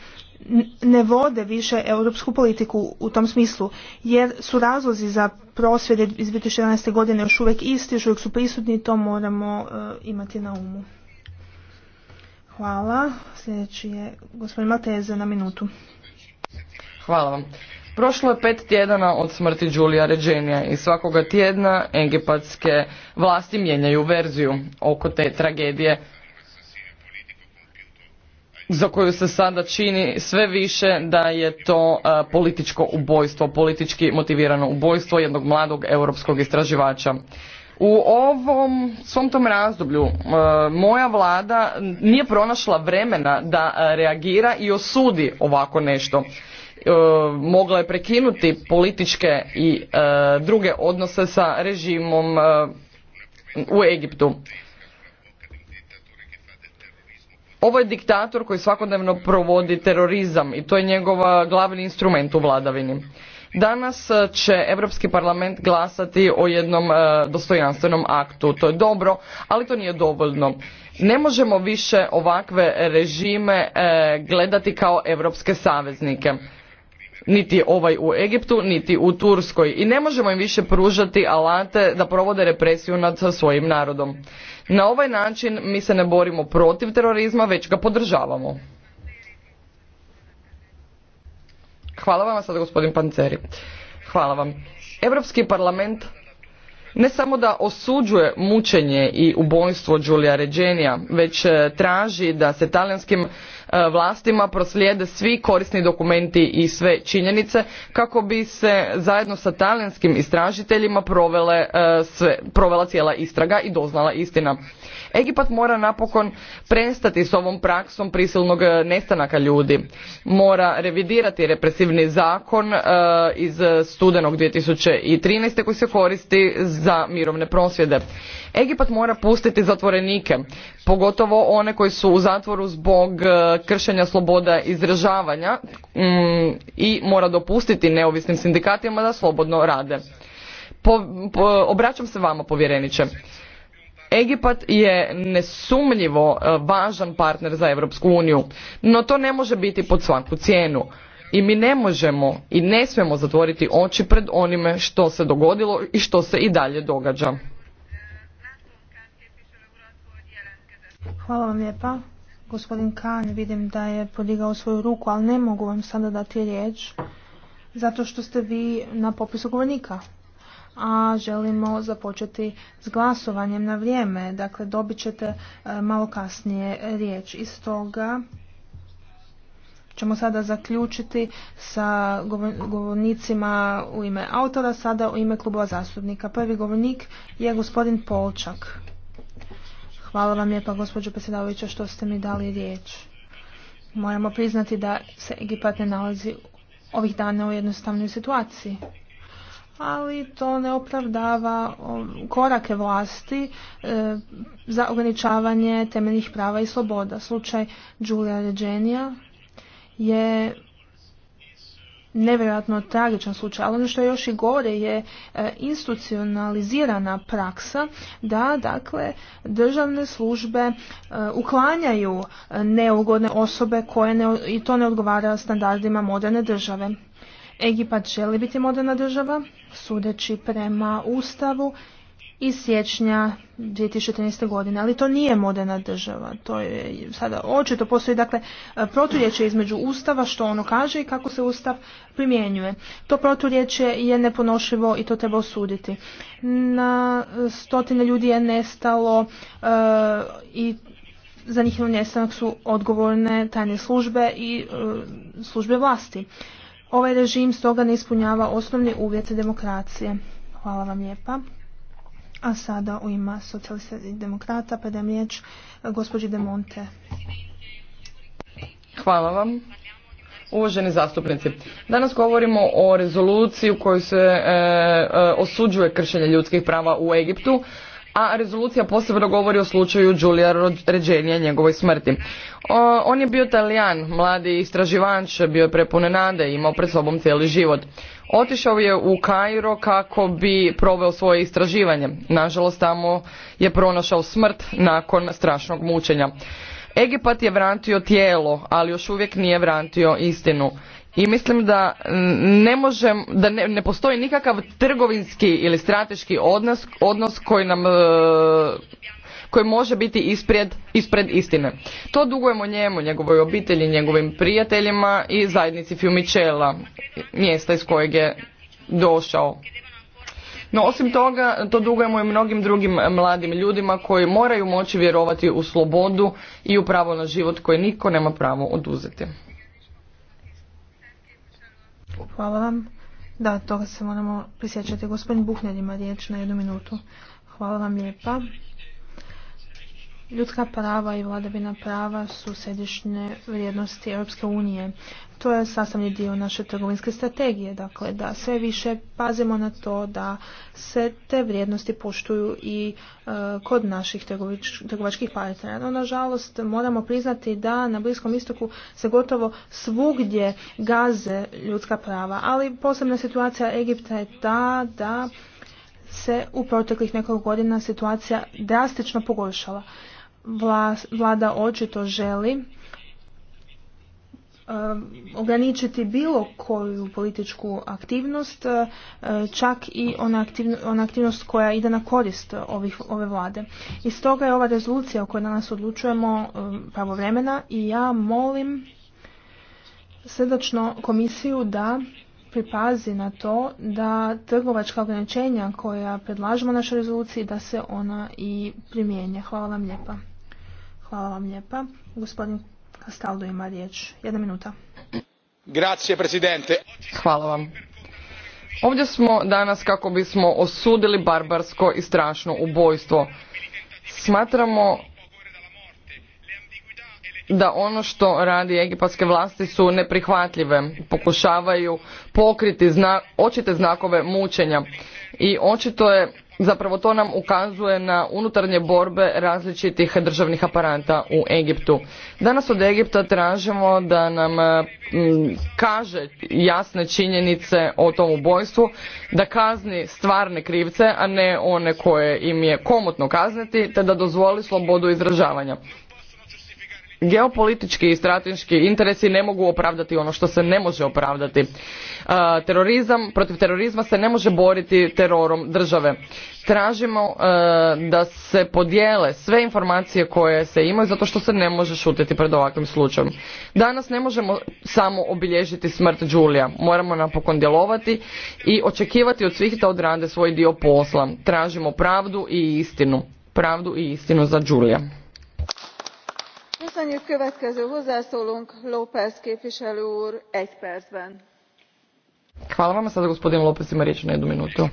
ne vode više europsku politiku u tom smislu, jer su razlozi za prosvjede iz 2011. godine još uvijek isti, još uvijek su prisutni i to moramo e, imati na umu. Hvala. Sljedeći je gospodin Mateze na minutu. Hvala vam. Prošlo je pet tjedana od smrti Đulija Ređenija i svakoga tjedna egipatske vlasti mijenjaju verziju oko te tragedije za koju se sada čini sve više da je to političko ubojstvo, politički motivirano ubojstvo jednog mladog europskog istraživača. U ovom svom tom razdoblju moja vlada nije pronašla vremena da reagira i osudi ovako nešto. E, mogla je prekinuti političke i druge odnose sa režimom u Egiptu. Ovo je diktator koji svakodnevno provodi terorizam i to je njegov glavni instrument u vladavini. Danas će Europski parlament glasati o jednom dostojanstvenom aktu. To je dobro, ali to nije dovoljno. Ne možemo više ovakve režime e, gledati kao europske saveznike niti ovaj u Egiptu, niti u Turskoj i ne možemo im više pružati alate da provode represiju nad svojim narodom. Na ovaj način mi se ne borimo protiv terorizma, već ga podržavamo. Hvala vam sada gospodin Panceri. Hvala vam. Europski parlament ne samo da osuđuje mučenje i ubojstvo Đulija Ređenija, već eh, traži da se talijanskim E, vlastima proslijede svi korisni dokumenti i sve činjenice kako bi se zajedno sa talijanskim istražiteljima e, provela cijela istraga i doznala istina. Egipat mora napokon prestati s ovom praksom prisilnog e, nestanaka ljudi. Mora revidirati represivni zakon e, iz studenog 2013. koji se koristi za mirovne prosvjede. Egipat mora pustiti zatvorenike, pogotovo one koji su u zatvoru zbog e, kršenja sloboda izražavanja mm, i mora dopustiti neovisnim sindikatima da slobodno rade. obraćam se vama povjereniče Egipat je nesumnjivo e, važan partner za Europsku uniju, no to ne može biti pod svaku cijenu. I mi ne možemo i ne smijemo zatvoriti oči pred onime što se dogodilo i što se i dalje događa. Hvala vam lijepa. Gospodin Kan, vidim da je podigao svoju ruku, ali ne mogu vam sada dati riječ, zato što ste vi na popisu govornika a želimo započeti s glasovanjem na vrijeme. Dakle, dobit ćete e, malo kasnije riječ. Iz toga ćemo sada zaključiti sa govornicima u ime autora, sada u ime klubova zastupnika. Prvi govornik je gospodin Polčak. Hvala vam lijepa gospođo predsjedavajuća što ste mi dali riječ. Moramo priznati da se Egipat ne nalazi ovih dana u jednostavnoj situaciji ali to ne opravdava um, korake vlasti e, za ograničavanje temeljnih prava i sloboda. Slučaj Julia Regenija je nevjerojatno tragičan slučaj, ali ono što je još i gore je e, institucionalizirana praksa da dakle državne službe e, uklanjaju neugodne osobe koje ne, i to ne odgovara standardima moderne države. Egipat želi biti moderna država, sudeći prema Ustavu iz siječnja 2013. godine, ali to nije moderna država, to je sada očito postoji dakle proturječje između Ustava što ono kaže i kako se Ustav primjenjuje. To proturječje je neponošljivo i to treba osuditi. Na stotine ljudi je nestalo eh, i za njihov nestanak su odgovorne tajne službe i eh, službe vlasti. Ovaj režim stoga ne ispunjava osnovne uvjete demokracije. Hvala vam lijepa. A sada u ima socijalista i demokrata predajem riječ e, gospođi De Monte. Hvala vam. Uvaženi zastupnici, danas govorimo o rezoluciji u se e, e, osuđuje kršenje ljudskih prava u Egiptu, a rezolucija posebno govori o slučaju Giulia Ređenija njegovoj smrti. on je bio talijan, mladi istraživač, bio je prepune nade i imao pred sobom cijeli život. Otišao je u Kairo kako bi proveo svoje istraživanje. Nažalost, tamo je pronašao smrt nakon strašnog mučenja. Egipat je vratio tijelo, ali još uvijek nije vratio istinu i mislim da ne možem, da ne, postoji nikakav trgovinski ili strateški odnos, odnos koji nam e, koji može biti ispred, ispred istine. To dugujemo njemu, njegovoj obitelji, njegovim prijateljima i zajednici Fiumicella, mjesta iz kojeg je došao. No osim toga, to dugujemo i mnogim drugim mladim ljudima koji moraju moći vjerovati u slobodu i u pravo na život koje niko nema pravo oduzeti. Hvala vam. Da, toga se moramo prisjećati. Gospodin Buhnjer ima riječ na jednu minutu. Hvala vam lijepa. Ljudska prava i vladavina prava su središnje vrijednosti Europske unije. To je sastavni dio naše trgovinske strategije, dakle da sve više pazimo na to da se te vrijednosti poštuju i e, kod naših trgovačkih partnera. No, nažalost, moramo priznati da na Bliskom istoku se gotovo svugdje gaze ljudska prava, ali posebna situacija Egipta je ta da se u proteklih nekoliko godina situacija drastično pogoršala vlada očito želi um, ograničiti bilo koju političku aktivnost, uh, čak i ona aktivnost koja ide na korist ovih, ove vlade. I stoga je ova rezolucija o kojoj danas odlučujemo um, pravovremena i ja molim srdačno komisiju da pripazi na to da trgovačka ograničenja koja predlažemo našoj rezoluciji da se ona i primijenja. Hvala vam lijepa. Hvala vam lijepa. Gospodin Castaldo ima riječ. Jedna minuta. Grazie, presidente. Hvala vam. Ovdje smo danas kako bismo osudili barbarsko i strašno ubojstvo. Smatramo da ono što radi egipatske vlasti su neprihvatljive. Pokušavaju pokriti zna, očite znakove mučenja. I očito je zapravo to nam ukazuje na unutarnje borbe različitih državnih aparata u Egiptu. Danas od Egipta tražimo da nam e, kaže jasne činjenice o tom ubojstvu, da kazni stvarne krivce, a ne one koje im je komotno kazniti, te da dozvoli slobodu izražavanja geopolitički i strateški interesi ne mogu opravdati ono što se ne može opravdati. E, terorizam, protiv terorizma se ne može boriti terorom države. Tražimo e, da se podijele sve informacije koje se imaju zato što se ne može šutiti pred ovakvim slučajem. Danas ne možemo samo obilježiti smrt Đulija. Moramo napokon djelovati i očekivati od svih da odrade svoj dio posla. Tražimo pravdu i istinu. Pravdu i istinu za Đulija gospodin jednu minutu.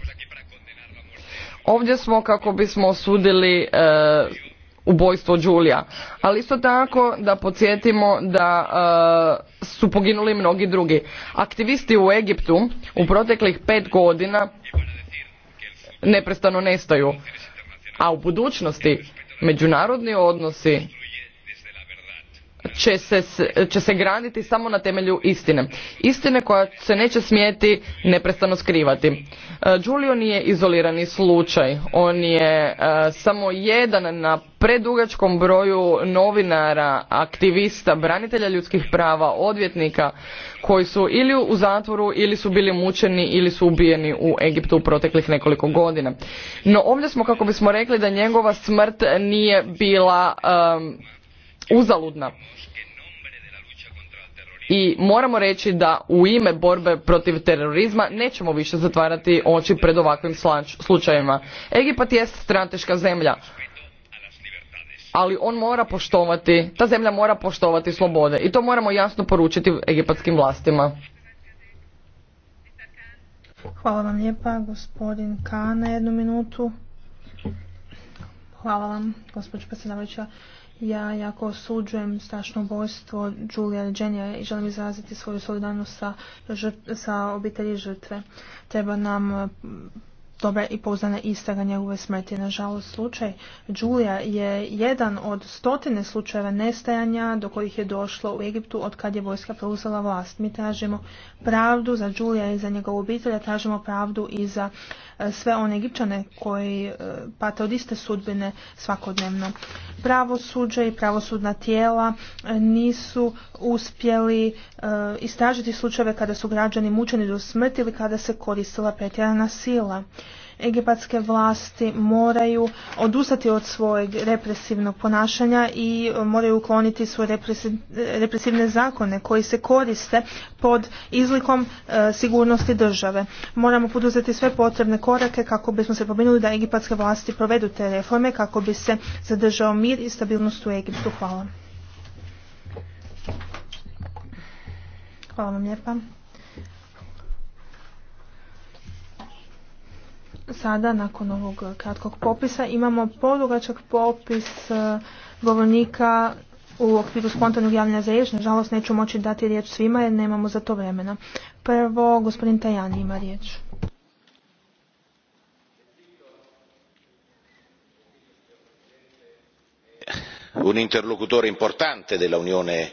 Ovdje smo kako bismo osudili e, ubojstvo Đulija, ali isto tako da podsjetimo da e, su poginuli mnogi drugi. Aktivisti u Egiptu u proteklih pet godina neprestano nestaju, a u budućnosti međunarodni odnosi će se, će se graditi samo na temelju istine. Istine koja se neće smijeti neprestano skrivati. E, Giulio nije izolirani slučaj. On je e, samo jedan na predugačkom broju novinara, aktivista, branitelja ljudskih prava, odvjetnika koji su ili u zatvoru ili su bili mučeni ili su ubijeni u Egiptu u proteklih nekoliko godina. No ovdje smo kako bismo rekli da njegova smrt nije bila uzaludna. I moramo reći da u ime borbe protiv terorizma nećemo više zatvarati oči pred ovakvim slučajevima. Egipat je strateška zemlja, ali on mora poštovati, ta zemlja mora poštovati slobode i to moramo jasno poručiti egipatskim vlastima. Hvala vam lijepa, gospodin Kana, jednu minutu. Hvala vam, ja jako osuđujem strašno ubojstvo Julia Ređenja i želim izraziti svoju solidarnost sa, sa obitelji žrtve. Treba nam dobra i pouzdana istraga njegove smrti. Nažalost, slučaj Đulija je jedan od stotine slučajeva nestajanja do kojih je došlo u Egiptu od kad je vojska preuzela vlast. Mi tražimo pravdu za Đulija i za njegovu obitelja, tražimo pravdu i za e, sve one Egipćane koji e, pate od iste sudbine svakodnevno. Pravosuđe i pravosudna tijela e, nisu uspjeli istražiti slučajeve kada su građani mučeni do smrti ili kada se koristila pretjerana sila egipatske vlasti moraju odustati od svojeg represivnog ponašanja i e, moraju ukloniti svoje represivne zakone koji se koriste pod izlikom e, sigurnosti države. Moramo poduzeti sve potrebne korake kako bismo se pobrinuli da egipatske vlasti provedu te reforme kako bi se zadržao mir i stabilnost u Egiptu. Hvala. Hvala vam lijepa. Sada, nakon ovog eh, kratkog popisa, imamo podugačak popis eh, govornika u okviru spontanog javljanja za riječ. Nažalost, neću moći dati riječ svima jer nemamo za to vremena. Prvo, gospodin Tajani ima riječ. Un interlocutore importante della Unione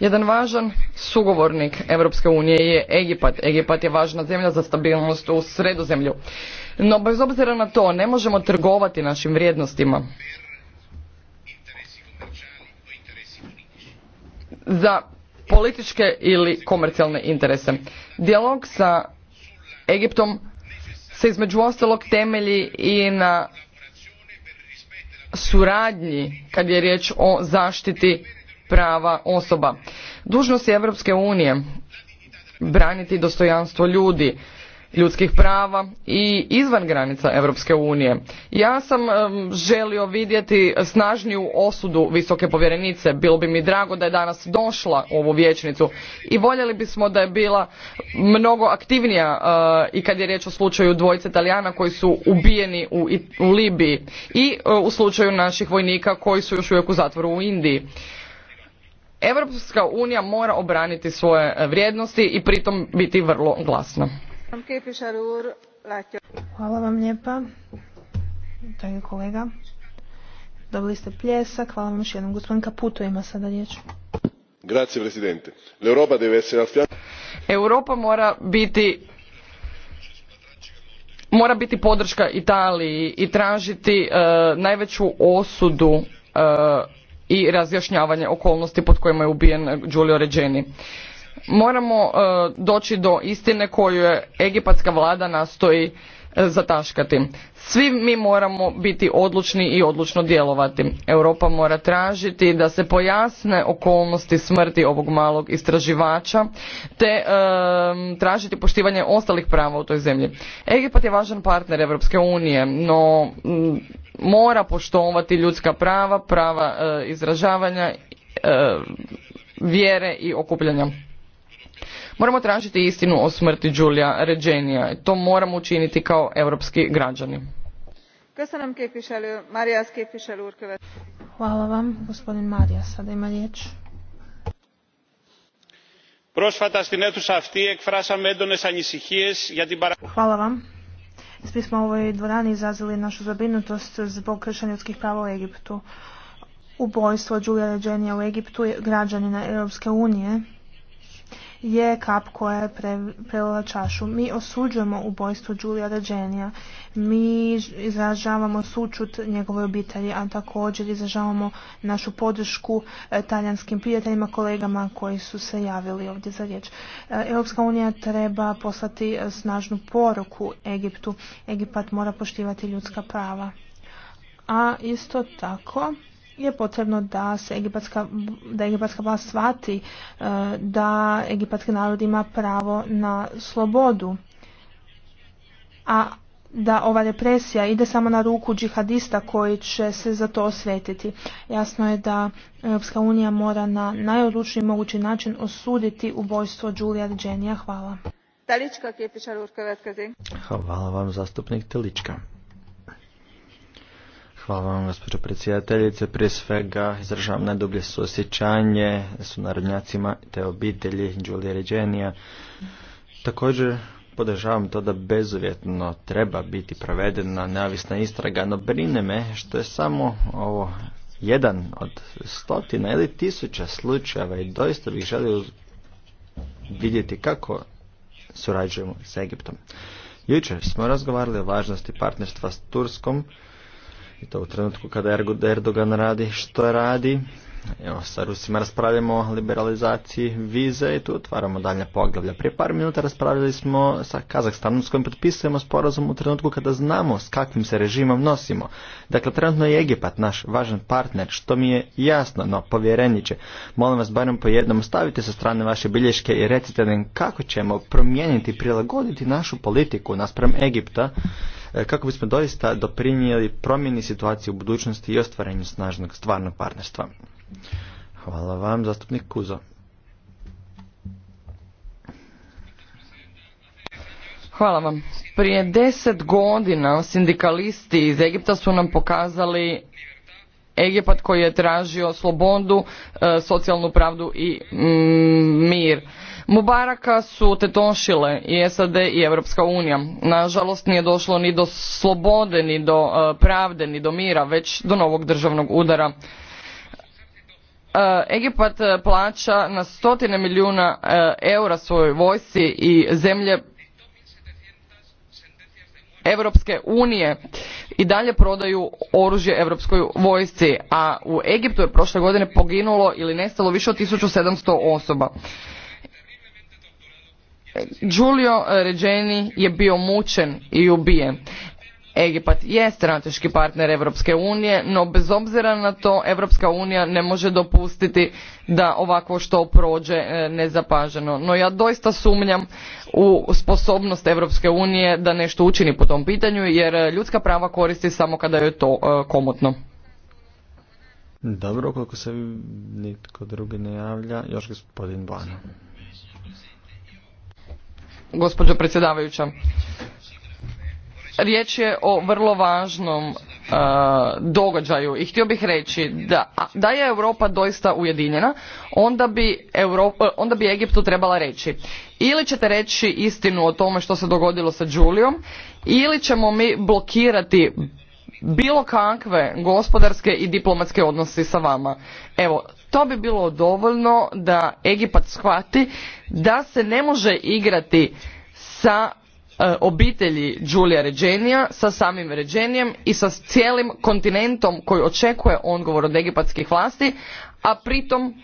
jedan važan sugovornik Europske unije je Egipat. Egipat je važna zemlja za stabilnost u sredozemlju. No bez obzira na to ne možemo trgovati našim vrijednostima. Za političke ili komercijalne interese. Dijalog sa Egiptom se između ostalog temelji i na suradnji kad je riječ o zaštiti prava osoba. Dužnost je Europske unije braniti dostojanstvo ljudi, ljudskih prava i izvan granica Europske unije. Ja sam želio vidjeti snažniju osudu visoke povjerenice. Bilo bi mi drago da je danas došla u ovu vječnicu i voljeli bismo da je bila mnogo aktivnija e, i kad je riječ o slučaju dvojice Talijana koji su ubijeni u Libiji i e, u slučaju naših vojnika koji su još uvijek u zatvoru u Indiji. Europska unija mora obraniti svoje eh, vrijednosti i pritom biti vrlo glasna. Hvala vam lijepa, kolega. Dobili ste pljesak, hvala vam još jednom. Gospodin Kaputo ima sada riječ. Grazie, Presidente. L'Europa deve essere al Europa mora biti mora biti podrška Italiji i tražiti eh, najveću osudu eh, i razjašnjavanje okolnosti pod kojima je ubijen Giulio Regeni. Moramo e, doći do istine koju je egipatska vlada nastoji zataškati. Svi mi moramo biti odlučni i odlučno djelovati. Europa mora tražiti da se pojasne okolnosti smrti ovog malog istraživača te tražiti poštivanje ostalih prava u toj zemlji. Egipat je važan partner Europske unije, no mora poštovati ljudska prava, prava e, izražavanja, e, vjere i okupljanja. Moramo tražiti istinu o smrti Đulja Ređenija. To moramo učiniti kao europski građani. Hvala vam, gospodin Marija, sada ima riječ. Hvala vam. Svi smo u ovoj dvorani izrazili našu zabrinutost zbog kršenja ljudskih prava u Egiptu. Ubojstvo Đulja Ređenija u Egiptu je građanina Europske unije je kap koja je pre, prelila čašu. Mi osuđujemo ubojstvo Đulija Rađenija, mi izražavamo sučut njegove obitelji, a također izražavamo našu podršku e, talijanskim prijateljima, kolegama koji su se javili ovdje za riječ. E, Europska unija treba poslati snažnu poruku Egiptu. Egipat mora poštivati ljudska prava. A isto tako je potrebno da se egipatska, da egipatska vlast shvati e, da egipatski narod ima pravo na slobodu. A da ova represija ide samo na ruku džihadista koji će se za to osvetiti. Jasno je da Europska unija mora na najodlučniji mogući način osuditi ubojstvo Đulija Rđenija. Hvala. Hvala vam zastupnik Telička. Hvala vam, gospođo predsjedateljice. Prije svega izražavam najdublje suosjećanje su narodnjacima te obitelji Đulije Ređenija. Također podržavam to da bezuvjetno treba biti provedena neavisna istraga, no brine me što je samo ovo jedan od stotina ili tisuća slučajeva i doista bih želio vidjeti kako surađujemo s Egiptom. Jučer smo razgovarali o važnosti partnerstva s Turskom, i to u trenutku kada Erdogan radi što radi Evo, sa Rusima raspravljamo o liberalizaciji vize i tu otvaramo dalje poglavlja. Prije par minuta raspravljali smo sa Kazahstanom s kojim potpisujemo sporazum u trenutku kada znamo s kakvim se režimom nosimo. Dakle, trenutno je Egipat naš važan partner, što mi je jasno, no povjereniće. Molim vas barem po jednom stavite sa strane vaše bilješke i recite nam kako ćemo promijeniti, prilagoditi našu politiku naspram Egipta e, kako bismo doista doprinijeli promjeni situacije u budućnosti i ostvarenju snažnog stvarnog partnerstva. Hvala vam, zastupnik Kuzo. Hvala vam. Prije deset godina sindikalisti iz Egipta su nam pokazali Egipat koji je tražio slobodu, e, socijalnu pravdu i mm, mir. Mubaraka su tetošile i SAD i Europska unija. Nažalost nije došlo ni do slobode, ni do e, pravde, ni do mira, već do novog državnog udara. E, Egipat e, plaća na stotine milijuna e, eura svojoj vojsci i zemlje Europske unije i dalje prodaju oružje Europskoj vojsci, a u Egiptu je prošle godine poginulo ili nestalo više od sedamsto osoba. Giulio Regeni je bio mučen i ubijen. Egipat je strateški partner Europske unije, no bez obzira na to Europska unija ne može dopustiti da ovakvo što prođe e, nezapaženo. No ja doista sumnjam u sposobnost Europske unije da nešto učini po tom pitanju, jer e, ljudska prava koristi samo kada je to e, komotno. Dobro, koliko se nitko drugi ne javlja, još gospodin predsjedavajuća, riječ je o vrlo važnom e, događaju i htio bih reći da, da je Europa doista ujedinjena onda bi, e, onda bi Egiptu trebala reći ili ćete reći istinu o tome što se dogodilo sa Đulijom ili ćemo mi blokirati bilo kakve gospodarske i diplomatske odnose sa vama. Evo, to bi bilo dovoljno da Egipat shvati da se ne može igrati sa E, obitelji Đulja Ređenija sa samim Ređenijem i sa cijelim kontinentom koji očekuje odgovor od egipatskih vlasti, a pritom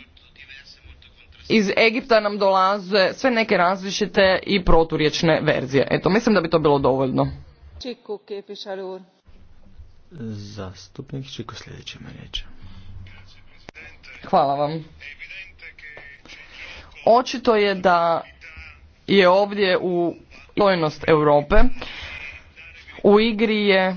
iz Egipta nam dolaze sve neke različite i proturječne verzije. Eto, mislim da bi to bilo dovoljno. Zastupnik Čiko Hvala vam. Očito je da je ovdje u Europe. U igri je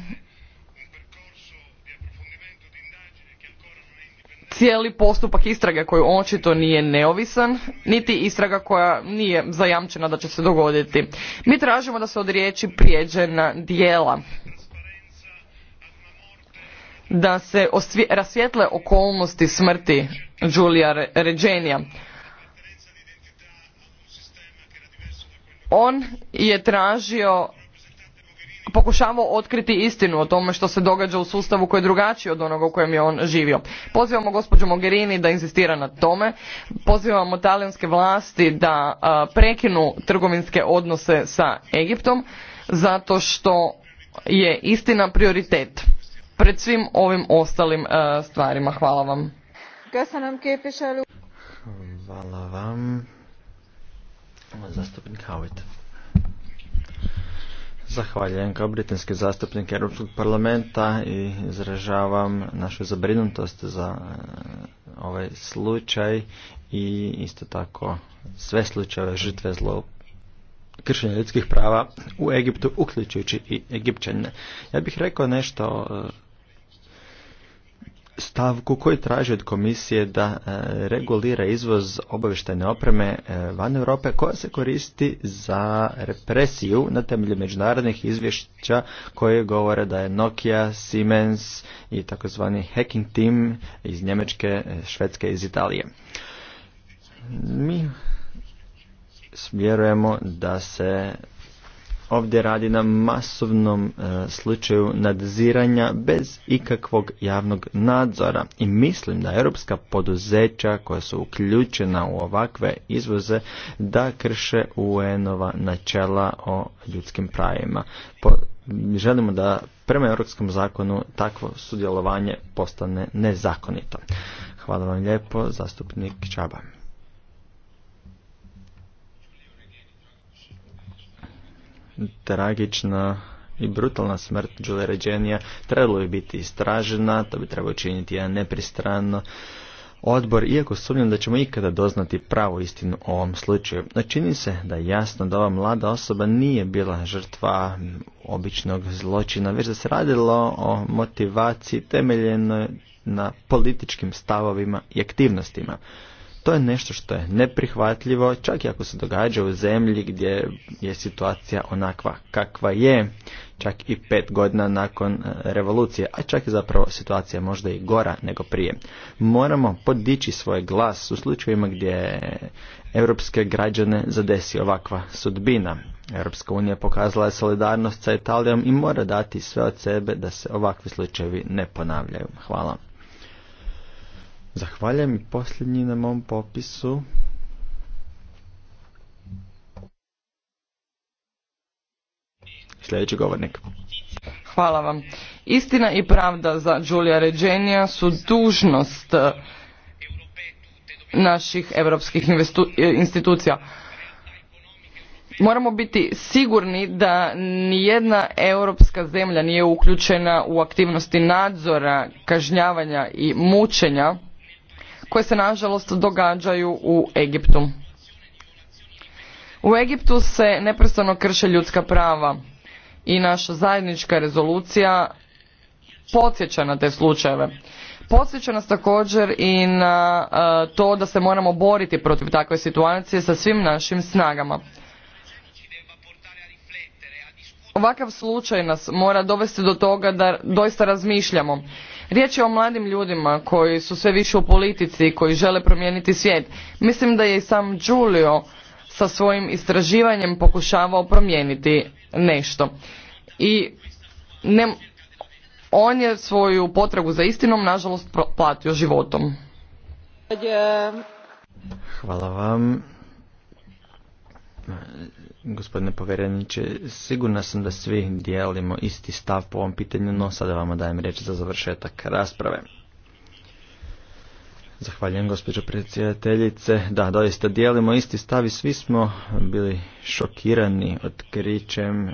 cijeli postupak istrage koji očito nije neovisan, niti istraga koja nije zajamčena da će se dogoditi. Mi tražimo da se od riječi prijeđe na dijela da se rasvijetle okolnosti smrti Giulia Regenija on je tražio pokušavao otkriti istinu o tome što se događa u sustavu koji je drugačiji od onoga u kojem je on živio. Pozivamo gospođu Mogherini da inzistira na tome, pozivamo talijanske vlasti da prekinu trgovinske odnose sa Egiptom zato što je istina prioritet pred svim ovim ostalim stvarima. Hvala vam. Hvala vam. Zastupnik Howitt. Zahvaljujem kao britanski zastupnik Europskog parlamenta i izražavam našu zabrinutost za e, ovaj slučaj i isto tako sve slučajeve žrtve zlo kršenja ljudskih prava u Egiptu, uključujući i Egipćane. Ja bih rekao nešto e, stavku koji traži od komisije da e, regulira izvoz obavještajne opreme e, van Europe koja se koristi za represiju na temelju međunarodnih izvješća koje govore da je Nokia, Siemens i takozvani hacking team iz Njemačke, e, Švedske iz Italije. Mi vjerujemo da se ovdje radi na masovnom e, slučaju nadziranja bez ikakvog javnog nadzora i mislim da europska poduzeća koja su uključena u ovakve izvoze da krše UN-ova načela o ljudskim pravima. želimo da prema europskom zakonu takvo sudjelovanje postane nezakonito. Hvala vam lijepo, zastupnik Čaba. tragična i brutalna smrt Đule trebalo bi biti istražena, to bi trebao činiti jedan nepristrano odbor, iako sumnjam da ćemo ikada doznati pravu istinu o ovom slučaju. čini se da je jasno da ova mlada osoba nije bila žrtva običnog zločina, već da se radilo o motivaciji temeljenoj na političkim stavovima i aktivnostima. To je nešto što je neprihvatljivo, čak i ako se događa u zemlji gdje je situacija onakva kakva je, čak i pet godina nakon e, revolucije, a čak i zapravo situacija možda i gora nego prije. Moramo podići svoj glas u slučajevima gdje europske građane zadesi ovakva sudbina. Europska unija pokazala je solidarnost sa Italijom i mora dati sve od sebe da se ovakvi slučajevi ne ponavljaju. Hvala. Zahvaljujem i posljednji na mom popisu. Sljedeći govornik. Hvala vam. Istina i pravda za Giulia Regenija su dužnost eh, naših europskih eh, institucija. Moramo biti sigurni da nijedna europska zemlja nije uključena u aktivnosti nadzora, kažnjavanja i mučenja koje se nažalost događaju u Egiptu. U Egiptu se neprestano krše ljudska prava i naša zajednička rezolucija podsjeća na te slučajeve. Podsjeća nas također i na e, to da se moramo boriti protiv takve situacije sa svim našim snagama. Ovakav slučaj nas mora dovesti do toga da doista razmišljamo Riječ je o mladim ljudima koji su sve više u politici i koji žele promijeniti svijet. Mislim da je i sam Giulio sa svojim istraživanjem pokušavao promijeniti nešto. I on je svoju potragu za istinom nažalost platio životom. Hvala vam. Gospodine povjereniče, sigurno sam da svi dijelimo isti stav po ovom pitanju, no sada vam dajem riječ za završetak rasprave. Zahvaljujem gospođo predsjedateljice. Da, doista dijelimo isti stav i svi smo bili šokirani otkrićem e,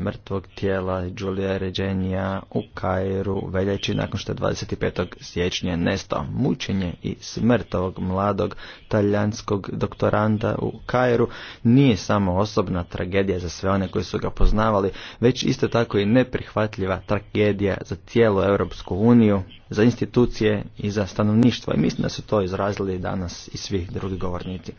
mrtvog tijela Giulia Regenija u Kairu veljači nakon što je 25. siječnja nestao mučenje i smrt ovog mladog talijanskog doktoranda u Kairu nije samo osobna tragedija za sve one koji su ga poznavali, već isto tako i neprihvatljiva tragedija za cijelu Europsku uniju, za institucije i za stanovništvo mislim da su to izrazili danas i svi drugi govornici.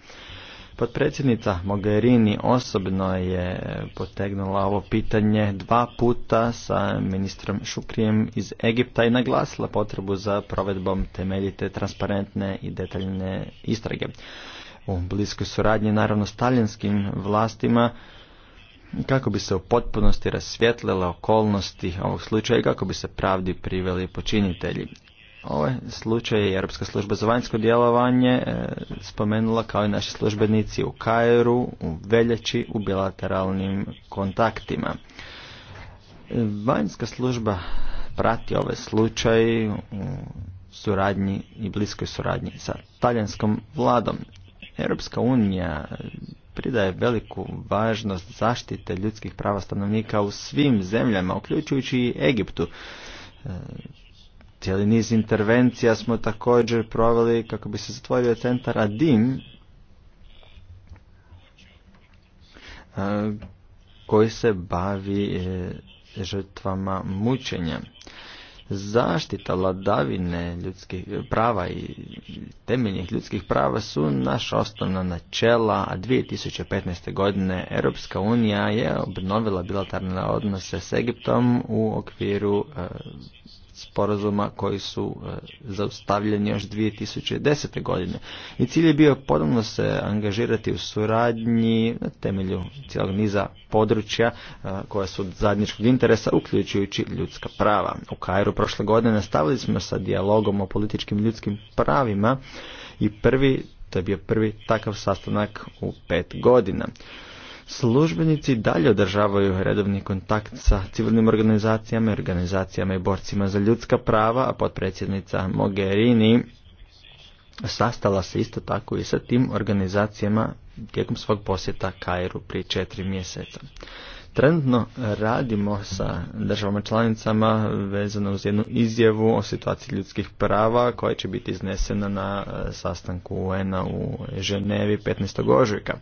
Potpredsjednica Mogherini osobno je potegnula ovo pitanje dva puta sa ministrom Šukrijem iz Egipta i naglasila potrebu za provedbom temeljite, transparentne i detaljne istrage. U bliskoj suradnji naravno s talijanskim vlastima kako bi se u potpunosti rasvjetlile okolnosti ovog slučaja i kako bi se pravdi priveli počinitelji. Ovaj slučaj je Europska služba za vanjsko djelovanje e, spomenula kao i naši službenici u Kajeru, u Veljači, u bilateralnim kontaktima. E, vanjska služba prati ovaj slučaj u suradnji i bliskoj suradnji sa talijanskom vladom. Europska unija pridaje veliku važnost zaštite ljudskih prava stanovnika u svim zemljama, uključujući i Egiptu e, Cijeli niz intervencija smo također proveli kako bi se zatvorio centar Adim koji se bavi e, žrtvama mučenja. Zaštita vladavine ljudskih prava i temeljnih ljudskih prava su naša osnovna načela, a 2015. godine Europska unija je obnovila bilateralne odnose s Egiptom u okviru e, sporazuma koji su e, zaustavljeni još 2010. godine. I cilj je bio ponovno se angažirati u suradnji na temelju cijelog niza područja e, koja su od zajedničkog interesa, uključujući ljudska prava. U Kairu prošle godine nastavili smo sa dijalogom o političkim ljudskim pravima i prvi, to je bio prvi takav sastanak u pet godina službenici dalje održavaju redovni kontakt sa civilnim organizacijama i organizacijama i borcima za ljudska prava, a potpredsjednica Mogherini sastala se isto tako i sa tim organizacijama tijekom svog posjeta Kairu prije četiri mjeseca. Trenutno radimo sa državama članicama vezano uz jednu izjavu o situaciji ljudskih prava koja će biti iznesena na e, sastanku UN-a u Ženevi 15. ožujka.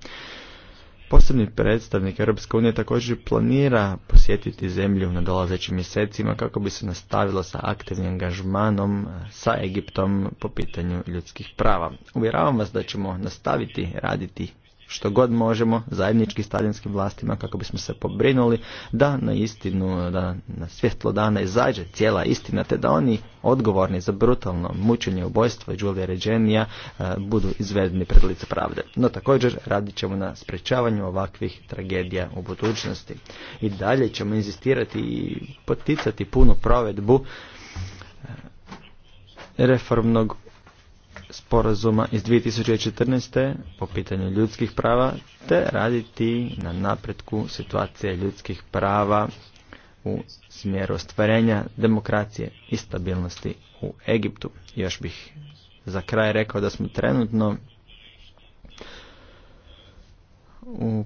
Posebni predstavnik Europske unije također planira posjetiti zemlju na dolazećim mjesecima kako bi se nastavilo sa aktivnim angažmanom sa Egiptom po pitanju ljudskih prava. Uvjeravam vas da ćemo nastaviti raditi što god možemo zajednički s talijanskim vlastima kako bismo se pobrinuli da na istinu, da na svjetlo dana izađe cijela istina te da oni odgovorni za brutalno mučenje ubojstva Đulija Ređenija eh, budu izvedeni pred lice pravde. No također radit ćemo na sprečavanju ovakvih tragedija u budućnosti. I dalje ćemo inzistirati i poticati punu provedbu eh, reformnog sporazuma iz 2014. po pitanju ljudskih prava te raditi na napretku situacije ljudskih prava u smjeru ostvarenja demokracije i stabilnosti u Egiptu. Još bih za kraj rekao da smo trenutno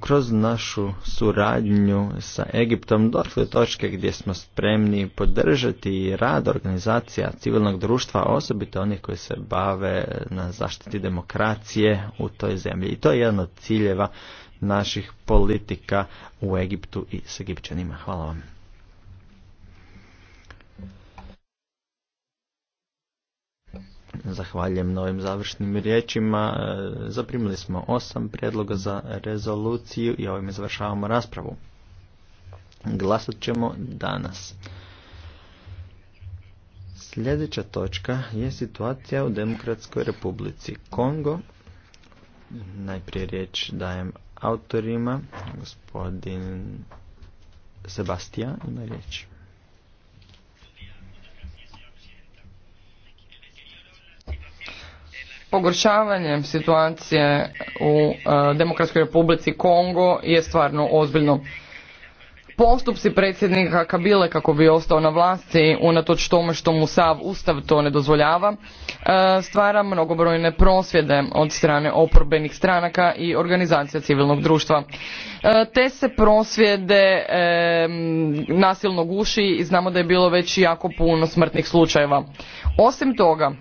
kroz našu suradnju sa Egiptom došli do točke gdje smo spremni podržati rad organizacija civilnog društva, osobito onih koji se bave na zaštiti demokracije u toj zemlji. I to je jedan od ciljeva naših politika u Egiptu i s Egipćanima. Hvala vam. Zahvaljujem na ovim završnim riječima. E, zaprimili smo osam prijedloga za rezoluciju i ovim završavamo raspravu. Glasat ćemo danas. Sljedeća točka je situacija u Demokratskoj republici Kongo. Najprije riječ dajem autorima. Gospodin Sebastija ima riječ. pogoršavanjem situacije u e, Demokratskoj Republici Kongo je stvarno ozbiljno. Postupci predsjednika Kabile kako bi ostao na vlasti, unatoč tome što mu sav ustav to ne dozvoljava, e, stvara mnogobrojne prosvjede od strane oporbenih stranaka i organizacija civilnog društva. E, te se prosvjede nasilno guši i znamo da je bilo već jako puno smrtnih slučajeva. Osim toga,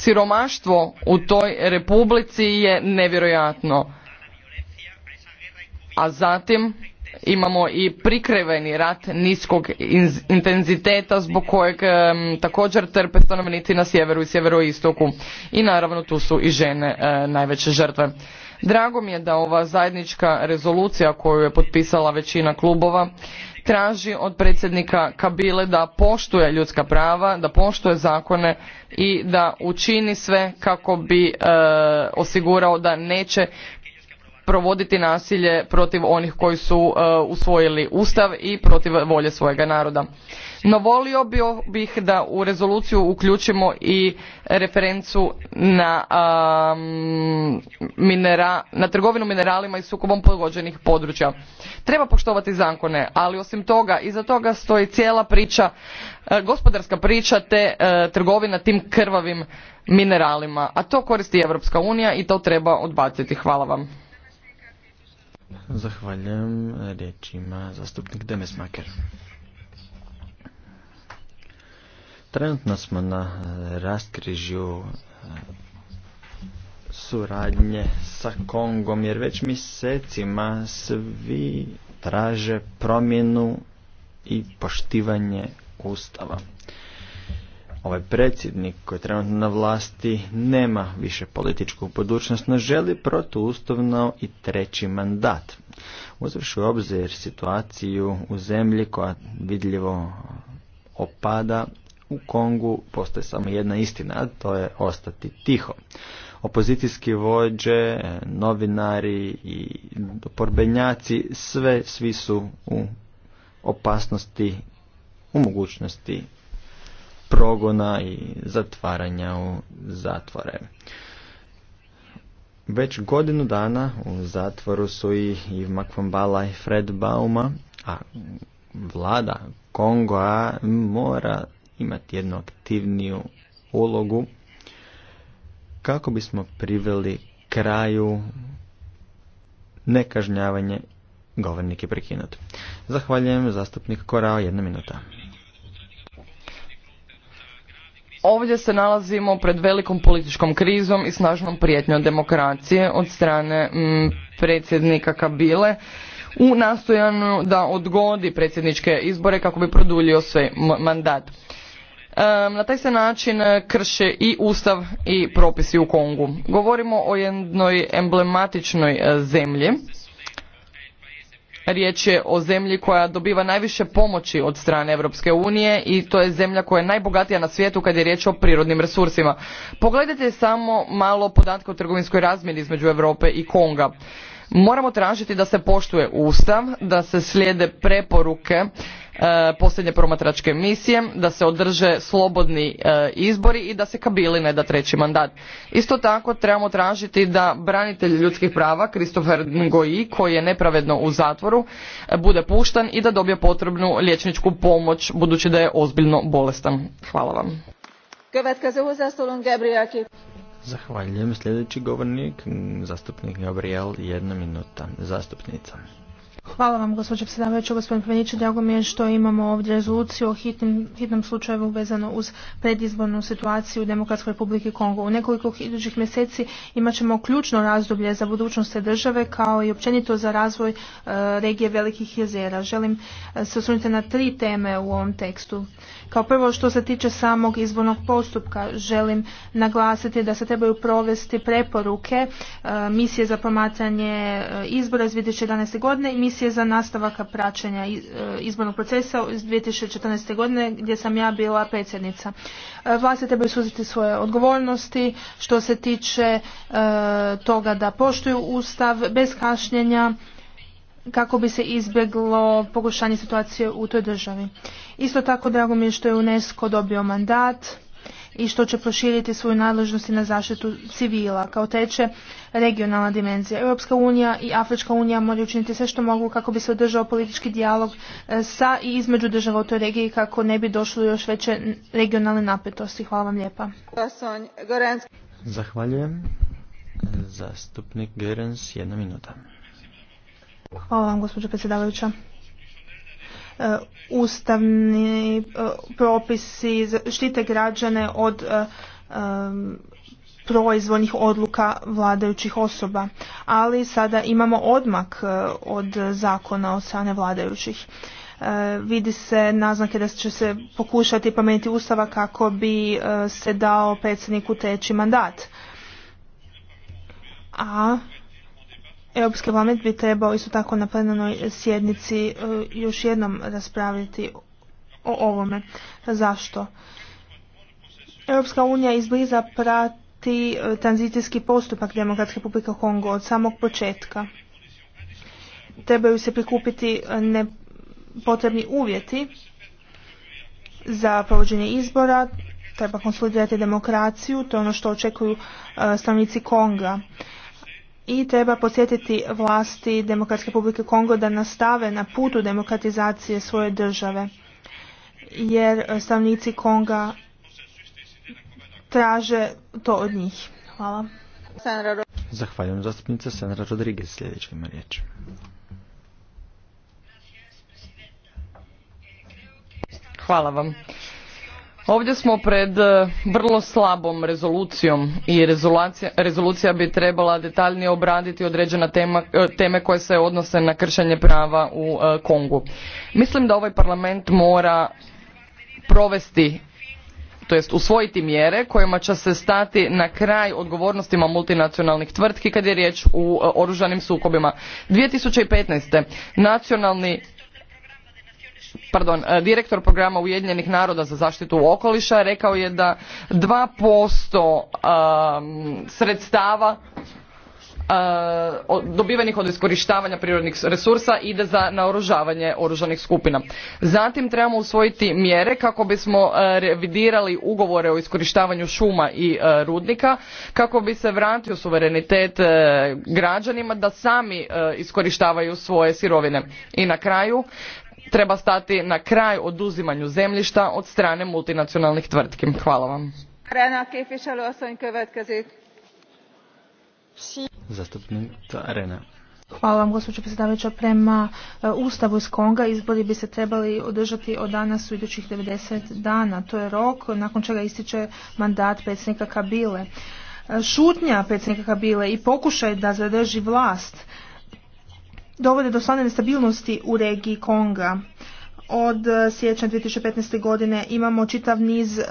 Siromaštvo u toj republici je nevjerojatno. A zatim imamo i prikreveni rat niskog intenziteta zbog kojeg također trpe stanovnici na sjeveru i sjeveroistoku. I naravno tu su i žene najveće žrtve. Drago mi je da ova zajednička rezolucija koju je potpisala većina klubova traži od predsjednika Kabile da poštuje ljudska prava, da poštuje zakone i da učini sve kako bi e, osigurao da neće provoditi nasilje protiv onih koji su e, usvojili ustav i protiv volje svojega naroda. No volio bih da u rezoluciju uključimo i referencu na, trgovinu mineralima i sukobom pogođenih područja. Treba poštovati zakone, ali osim toga iza toga stoji cijela priča, e, gospodarska priča te e, trgovina tim krvavim mineralima. A to koristi Europska unija i to treba odbaciti. Hvala vam. zastupnik Demesmaker. Trenutno smo na e, raskrižju e, suradnje sa Kongom jer već mjesecima svi traže promjenu i poštivanje ustava. Ovaj predsjednik koji je trenutno na vlasti nema više političku budućnost, no želi protuustavno i treći mandat. Uzvrši u obzir situaciju u zemlji koja vidljivo opada u Kongu postoji samo jedna istina, a to je ostati tiho. Opozicijski vođe, novinari i porbenjaci, sve, svi su u opasnosti, u mogućnosti progona i zatvaranja u zatvore. Već godinu dana u zatvoru su i Iv Makvambala i Fred Bauma, a vlada Kongoa mora imati jednu aktivniju ulogu kako bismo priveli kraju nekažnjavanje govornik je prekinut. Zahvaljujem zastupnik Korao, jedna minuta. Ovdje se nalazimo pred velikom političkom krizom i snažnom prijetnjom demokracije od strane m, mm, predsjednika Kabile u nastojanju da odgodi predsjedničke izbore kako bi produljio svoj mandat na taj se način e, krše i ustav i propisi u Kongu. Govorimo o jednoj emblematičnoj e, zemlji. Riječ je o zemlji koja dobiva najviše pomoći od strane Europske unije i to je zemlja koja je najbogatija na svijetu kad je riječ o prirodnim resursima. Pogledajte samo malo podatke o trgovinskoj razmjeni između Europe i Konga. Moramo tražiti da se poštuje ustav, da se slijede preporuke E, posljednje promatračke misije, da se održe slobodni e, izbori i da se Kabili ne da treći mandat. Isto tako trebamo tražiti da branitelj ljudskih prava Kristofer Ngoji koji je nepravedno u zatvoru bude puštan i da dobije potrebnu liječničku pomoć budući da je ozbiljno bolestan. Hvala vam. Zahvaljujem sljedeći govornik, zastupnik Gabriel, jedna minuta, zastupnica. Hvala vam, gospođo predsjedavajuća, gospodin Penić. Drago mi je što imamo ovdje rezoluciju o hitnom slučaju vezano uz predizbornu situaciju u Demokratskoj republiki Kongo. U nekoliko idućih mjeseci imat ćemo ključno razdoblje za budućnost te države kao i općenito za razvoj e, regije Velikih jezera. Želim e, se osvrnuti na tri teme u ovom tekstu. Kao prvo što se tiče samog izbornog postupka želim naglasiti da se trebaju provesti preporuke e, misije za promatranje e, izbora iz 2011. godine i misije za nastavaka praćenja e, izbornog procesa iz 2014. godine gdje sam ja bila predsjednica. Vlasti trebaju suziti svoje odgovornosti što se tiče toga da poštuju ustav bez kašnjenja kako bi se izbjeglo pogušanje situacije u toj državi. Isto tako drago mi je što je UNESCO dobio mandat i što će proširiti svoju nadležnost na zaštitu civila. Kao teče regionalna dimenzija. Europska unija i Afrička unija moraju učiniti sve što mogu kako bi se održao politički dijalog e, sa i između država u toj regiji kako ne bi došlo još veće regionalne napetosti. Hvala vam lijepa. Zahvaljujem. Zastupnik Gerens, jedna minuta. Hvala vam, gospođo predsjedavajuća. E, ustavni e, propisi štite građane od e, proizvoljnih odluka vladajućih osoba, ali sada imamo odmak od zakona od strane vladajućih. Vidi se naznake da će se pokušati pameti ustava kako bi se dao predsjedniku teći mandat. A Europski parlament bi trebao isto tako na plenarnoj sjednici e, još jednom raspraviti o ovome. Zašto? Europska unija izbliza prati e, tranzicijski postupak Demokratske republike Kongo od samog početka. Trebaju se prikupiti e, nepotrebni uvjeti za provođenje izbora, treba konsolidirati demokraciju, to je ono što očekuju stanovnici Konga i treba posjetiti vlasti Demokratske republike Kongo da nastave na putu demokratizacije svoje države. Jer e, stavnici Konga traže to od njih. Hvala. Zahvaljujem zastupnica Senra Rodriguez sljedeća ima riječ. Hvala vam. Ovdje smo pred e, vrlo slabom rezolucijom i rezolucija, bi trebala detaljnije obraditi određena tema, e, teme koje se odnose na kršenje prava u e, Kongu. Mislim da ovaj parlament mora provesti to jest usvojiti mjere kojima će se stati na kraj odgovornostima multinacionalnih tvrtki kad je riječ u oružanim sukobima. 2015. nacionalni pardon, e, direktor programa Ujedinjenih naroda za zaštitu okoliša rekao je da 2% sredstava e, dobivenih od iskorištavanja prirodnih resursa ide za naoružavanje oružanih skupina. Zatim trebamo usvojiti mjere kako bismo e, revidirali ugovore o iskorištavanju šuma i rudnika, kako bi se vratio suverenitet građanima da sami iskorištavaju svoje sirovine. I na kraju treba stati na kraj oduzimanju zemljišta od strane multinacionalnih tvrtki. Hvala vam. Hvala vam, gospođo predsjedavajuća. Prema uh, Ustavu iz Konga izbori bi se trebali održati od danas u idućih 90 dana. To je rok nakon čega ističe mandat predsjednika Kabile. Uh, šutnja predsjednika Kabile i pokušaj da zadrži vlast dovode do stvarne nestabilnosti u regiji Konga. Od e, siječnja 2015. godine imamo čitav niz e,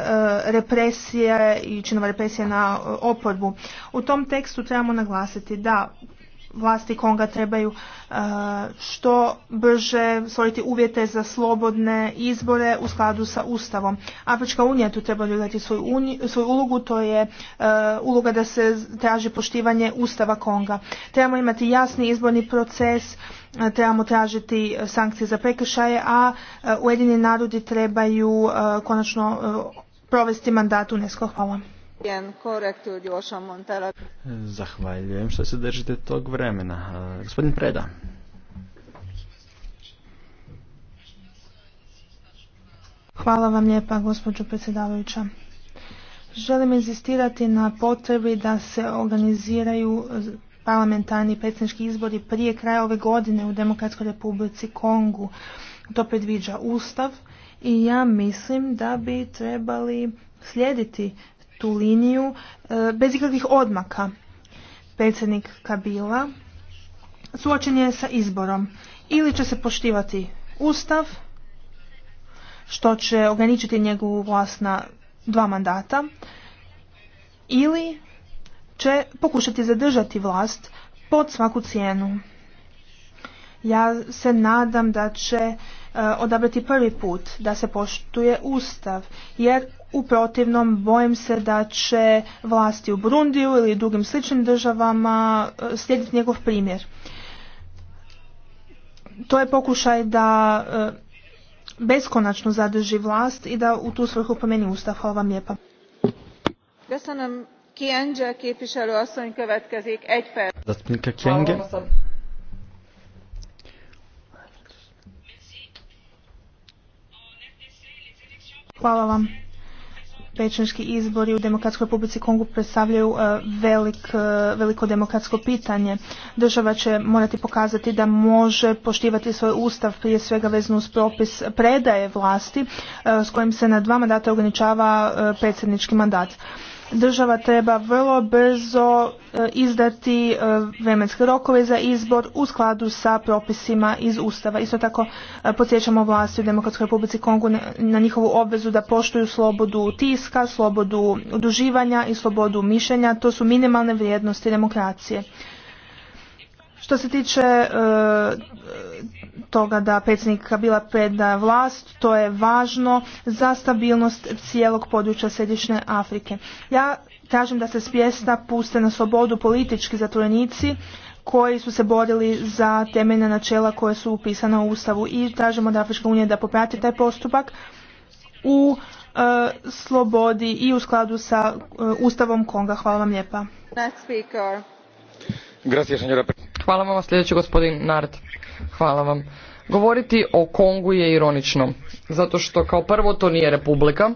represije i činova represije na e, oporbu. U tom tekstu trebamo naglasiti da vlasti Konga trebaju e, što brže stvoriti uvjete za slobodne izbore u skladu sa Ustavom. Afrička unija tu treba dodati svoju, ulogu, to je e, uloga da se traži poštivanje Ustava Konga. Trebamo imati jasni izborni proces, e, trebamo tražiti sankcije za prekršaje, a Ujedini narodi trebaju konačno provesti mandat UNESCO. Hvala. Zahvaljujem što se držite tog vremena. Gospodin Preda. Hvala vam lijepa, gospođo predsjedavajuća. Želim inzistirati na potrebi da se organiziraju parlamentarni predsjednički izbori prije kraja ove godine u Demokratskoj republici Kongu. To predviđa Ustav i ja mislim da bi trebali slijediti tu liniju e, bez ikakvih odmaka. Predsjednik Kabila suočen je sa izborom. Ili će se poštivati ustav, što će ograničiti njegovu vlast na dva mandata, ili će pokušati zadržati vlast pod svaku cijenu. Ja se nadam da će e, odabrati prvi put da se poštuje ustav jer u protivnom bojim se da će vlasti u Brundiju ili drugim sličnim državama e, slijediti njegov primjer. To je pokušaj da e, beskonačno zadrži vlast i da u tu svrhu pomeni ustav. Hvala vam lijepa. Hvala vam. izbori u Demokratskoj republici Kongu predstavljaju e, velik, e, veliko demokratsko pitanje. Država će morati pokazati da može poštivati svoj ustav prije svega vezno uz propis predaje vlasti e, s kojim se na dva mandata ograničava predsjednički mandat država treba vrlo brzo e, izdati e, vremenske rokove za izbor u skladu sa propisima iz Ustava. Isto tako e, podsjećamo vlasti u Demokratskoj Republici Kongu na njihovu obvezu da poštuju slobodu tiska, slobodu uduživanja i slobodu mišljenja. To su minimalne vrijednosti demokracije. Što se tiče toga da predsjednik Kabila preda vlast, to je važno za stabilnost cijelog područja Središnje Afrike. Ja tražim da se spjesta puste na slobodu politički zatvorenici koji su se borili za temeljne načela koje su upisana u Ustavu i tražimo da Afrička unija da poprati taj postupak u e, slobodi i u skladu sa e, Ustavom Konga. Hvala vam lijepa. Hvala vam sljedeći gospodin Nard. Hvala vam. Govoriti o Kongu je ironično, zato što kao prvo to nije republika,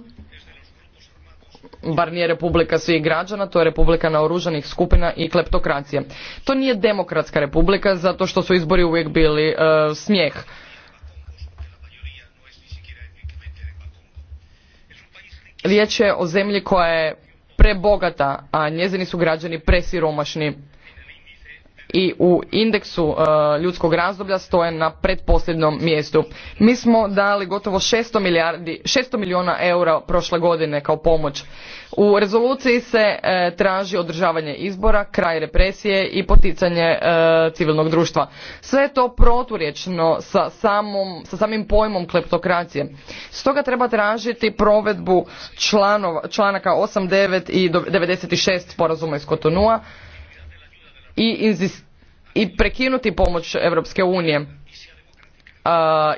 bar nije republika svih građana, to je republika naoružanih skupina i kleptokracije. To nije demokratska republika zato što su izbori uvijek bili e, smijeh. Riječ je o zemlji koja je prebogata, a njezini su građani presiromašni i u indeksu e, ljudskog razdoblja stoje na pretposljednom mjestu. Mi smo dali gotovo 600, milijardi, milijuna eura prošle godine kao pomoć. U rezoluciji se e, traži održavanje izbora, kraj represije i poticanje e, civilnog društva. Sve je to proturječno sa, samim pojmom kleptokracije. Stoga treba tražiti provedbu članaka 8, 9 i 96 sporazuma iz Kotonua, i, i prekinuti pomoć Europske unije.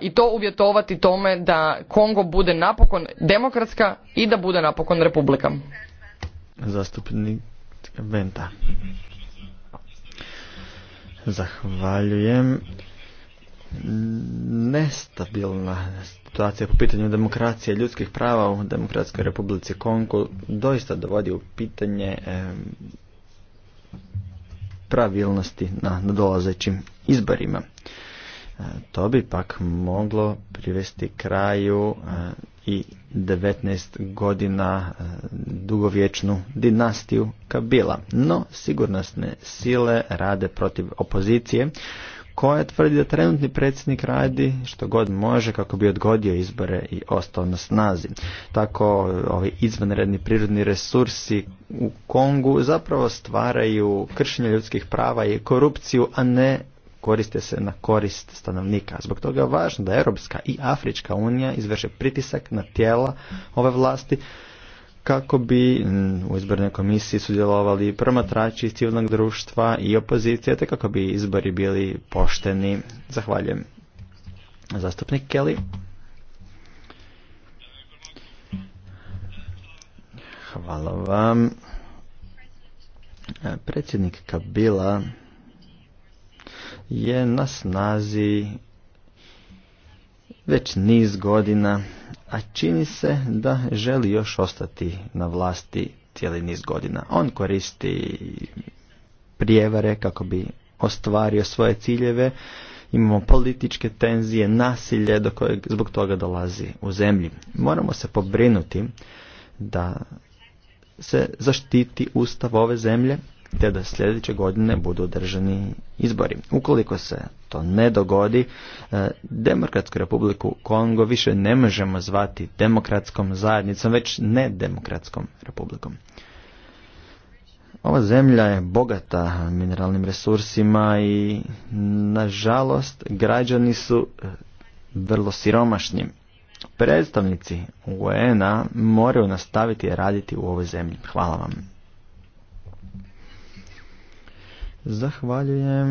i to uvjetovati tome da Kongo bude napokon demokratska i da bude napokon republika. Zastupnik Benta. Zahvaljujem. Nestabilna situacija po pitanju demokracije i ljudskih prava u Demokratskoj republici Kongo doista dovodi u pitanje pravilnosti na nadolazećim izborima. E, to bi pak moglo privesti kraju e, i 19 godina e, dugovječnu dinastiju Kabila. No, sigurnosne sile rade protiv opozicije koja tvrdi da trenutni predsjednik radi što god može kako bi odgodio izbore i ostao na snazi. Tako ovi izvanredni prirodni resursi u Kongu zapravo stvaraju kršenje ljudskih prava i korupciju, a ne koriste se na korist stanovnika. Zbog toga je važno da Europska i Afrička unija izvrše pritisak na tijela ove vlasti kako bi mm, u izbornoj komisiji sudjelovali promatrači civilnog društva i opozicije, te kako bi izbori bili pošteni. Zahvaljujem. Zastupnik Kelly. Hvala vam. Predsjednik Kabila je na snazi već niz godina a čini se da želi još ostati na vlasti cijeli niz godina. On koristi prijevare kako bi ostvario svoje ciljeve, imamo političke tenzije, nasilje do kojeg zbog toga dolazi u zemlji. Moramo se pobrinuti da se zaštiti ustav ove zemlje te da sljedeće godine budu održani izbori. Ukoliko se to ne dogodi, e, Demokratsku republiku Kongo više ne možemo zvati demokratskom zajednicom, već nedemokratskom republikom. Ova zemlja je bogata mineralnim resursima i nažalost građani su e, vrlo siromašni. Predstavnici UN-a moraju nastaviti raditi u ovoj zemlji. Hvala vam. Zahvaljujem.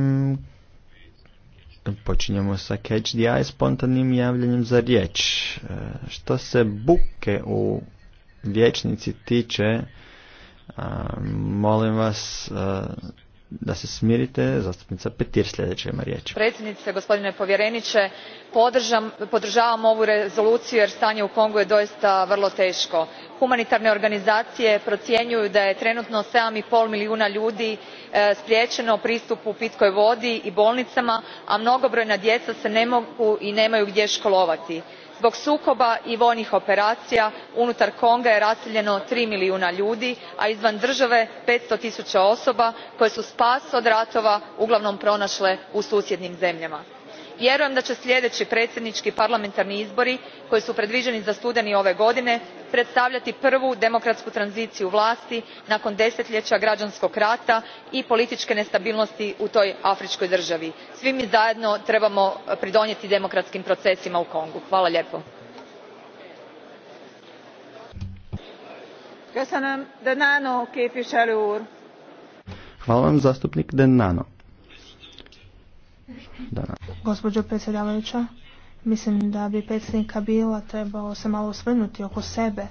Počinjemo sa Catch the Eye spontanim javljanjem za riječ. E, što se buke u vječnici tiče, molim vas da se smirite. Zastupnica Petir ima Predsjednice, gospodine povjereniče, podržavam ovu rezoluciju jer stanje u Kongu je doista vrlo teško. Humanitarne organizacije procjenjuju da je trenutno pol milijuna ljudi e, spriječeno pristupu pitkoj vodi i bolnicama, a mnogobrojna djeca se ne mogu i nemaju gdje školovati zbog sukoba i vojnih operacija unutar konga je raseljeno tri milijuna ljudi a izvan države five hundred osoba koje su spas od ratova uglavnom pronašle u susjednim zemljama vjerujem da će sljedeći predsjednički parlamentarni izbori koji su predviđeni za studeni ove godine predstavljati prvu demokratsku tranziciju vlasti nakon desetljeća građanskog rata i političke nestabilnosti u toj afričkoj državi. svi mi zajedno trebamo pridonijeti demokratskim procesima u kongu. hvala lijepo. Gospođo predsjedavajuća, mislim da bi predsjednika Bila trebao se malo osvrnuti oko sebe.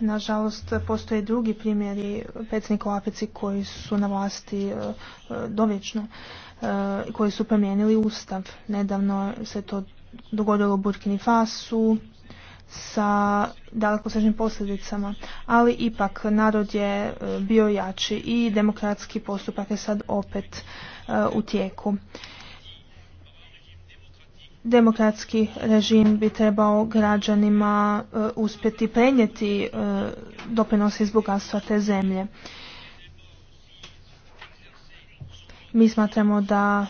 Nažalost, postoje drugi primjeri predsjednika u Africi koji su na vlasti i e, e, koji su promijenili ustav. Nedavno se to dogodilo u Burkini Fasu sa dalekosežnim posljedicama, ali ipak narod je e, bio jači i demokratski postupak je sad opet u tijeku demokratski režim bi trebao građanima e, uspjeti prenijeti uh, doprinose iz bogatstva te zemlje. Mi smatramo da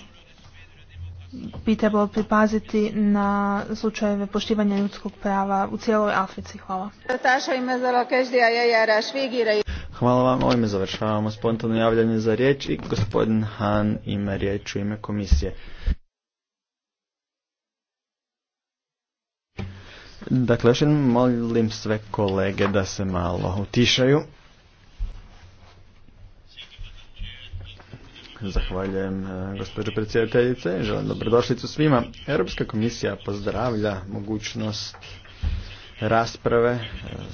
bi trebalo pripaziti na slučajeve poštivanja ljudskog prava u cijeloj Africi. Hvala. Hvala vam. Ovime završavamo spontano javljanje za riječ i gospodin Han ima riječ u ime komisije. Dakle, još jednom molim sve kolege da se malo utišaju. Zahvaljujem e, gospođo predsjedateljice, želim dobrodošlicu svima. Europska komisija pozdravlja mogućnost rasprave e,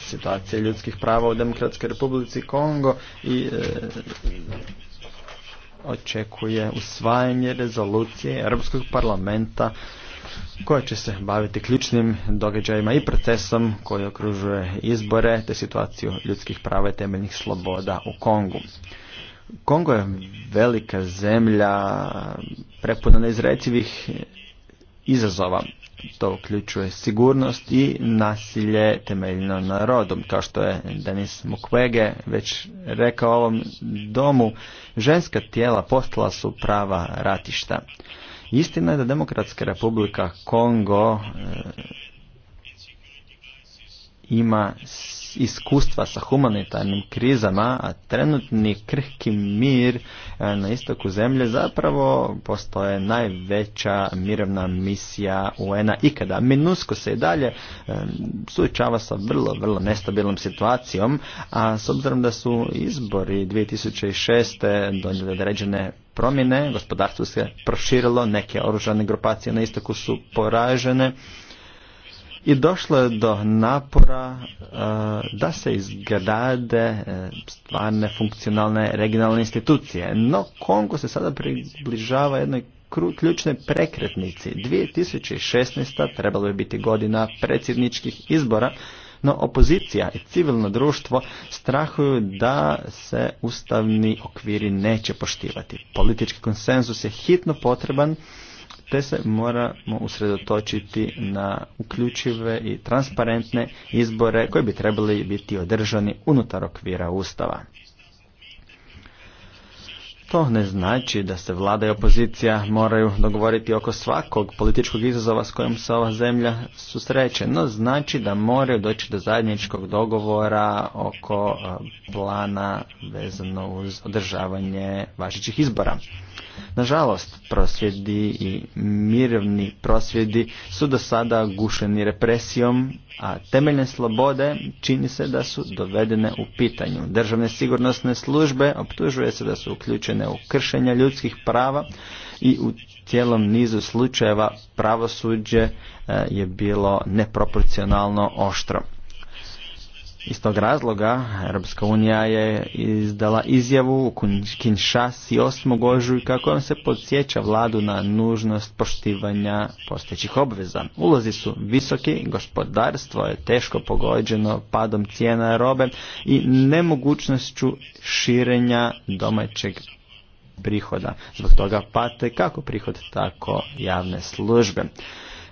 situacije ljudskih prava u Demokratskoj Republici Kongo i e, očekuje usvajanje rezolucije Europskog parlamenta koja će se baviti ključnim događajima i procesom koji okružuje izbore te situaciju ljudskih prava i temeljnih sloboda u Kongu. Kongo je velika zemlja prepuna neizrecivih izazova. To uključuje sigurnost i nasilje temeljno narodom. Kao što je Denis Mukwege već rekao ovom domu, ženska tijela postala su prava ratišta. Istina je da Demokratska republika Kongo e, ima iskustva sa humanitarnim krizama, a trenutni krhki mir e, na istoku zemlje zapravo postoje najveća mirovna misija UN-a ikada. Minusko se i dalje e, suočava sa vrlo, vrlo nestabilnom situacijom, a s obzirom da su izbori 2006. donijeli određene promjene, gospodarstvo se proširilo, neke oružane grupacije na istoku su poražene, i došlo je do napora e, da se izgrade e, stvarne funkcionalne regionalne institucije. No Kongo se sada približava jednoj ključnoj prekretnici. 2016. trebalo je biti godina predsjedničkih izbora, no opozicija i civilno društvo strahuju da se ustavni okviri neće poštivati. Politički konsenzus je hitno potreban te se moramo usredotočiti na uključive i transparentne izbore koji bi trebali biti održani unutar okvira Ustava. To ne znači da se vlada i opozicija moraju dogovoriti oko svakog političkog izazova s kojim se ova zemlja susreće, no znači da moraju doći do zajedničkog dogovora oko eh, plana vezano uz održavanje važećih izbora. Nažalost, prosvjedi i mirovni prosvjedi su do sada gušeni represijom, a temeljne slobode čini se da su dovedene u pitanju. Državne sigurnosne službe optužuje se da su uključene u kršenja ljudskih prava i u cijelom nizu slučajeva pravosuđe eh, je bilo neproporcionalno oštro. Iz tog razloga Europska unija je izdala izjavu u Kinshasi 8. ožujka kojom se podsjeća vladu na nužnost poštivanja postojećih obveza. Ulozi su visoki, gospodarstvo je teško pogođeno padom cijena robe i nemogućnošću širenja domaćeg prihoda. Zbog toga pate kako prihod, tako javne službe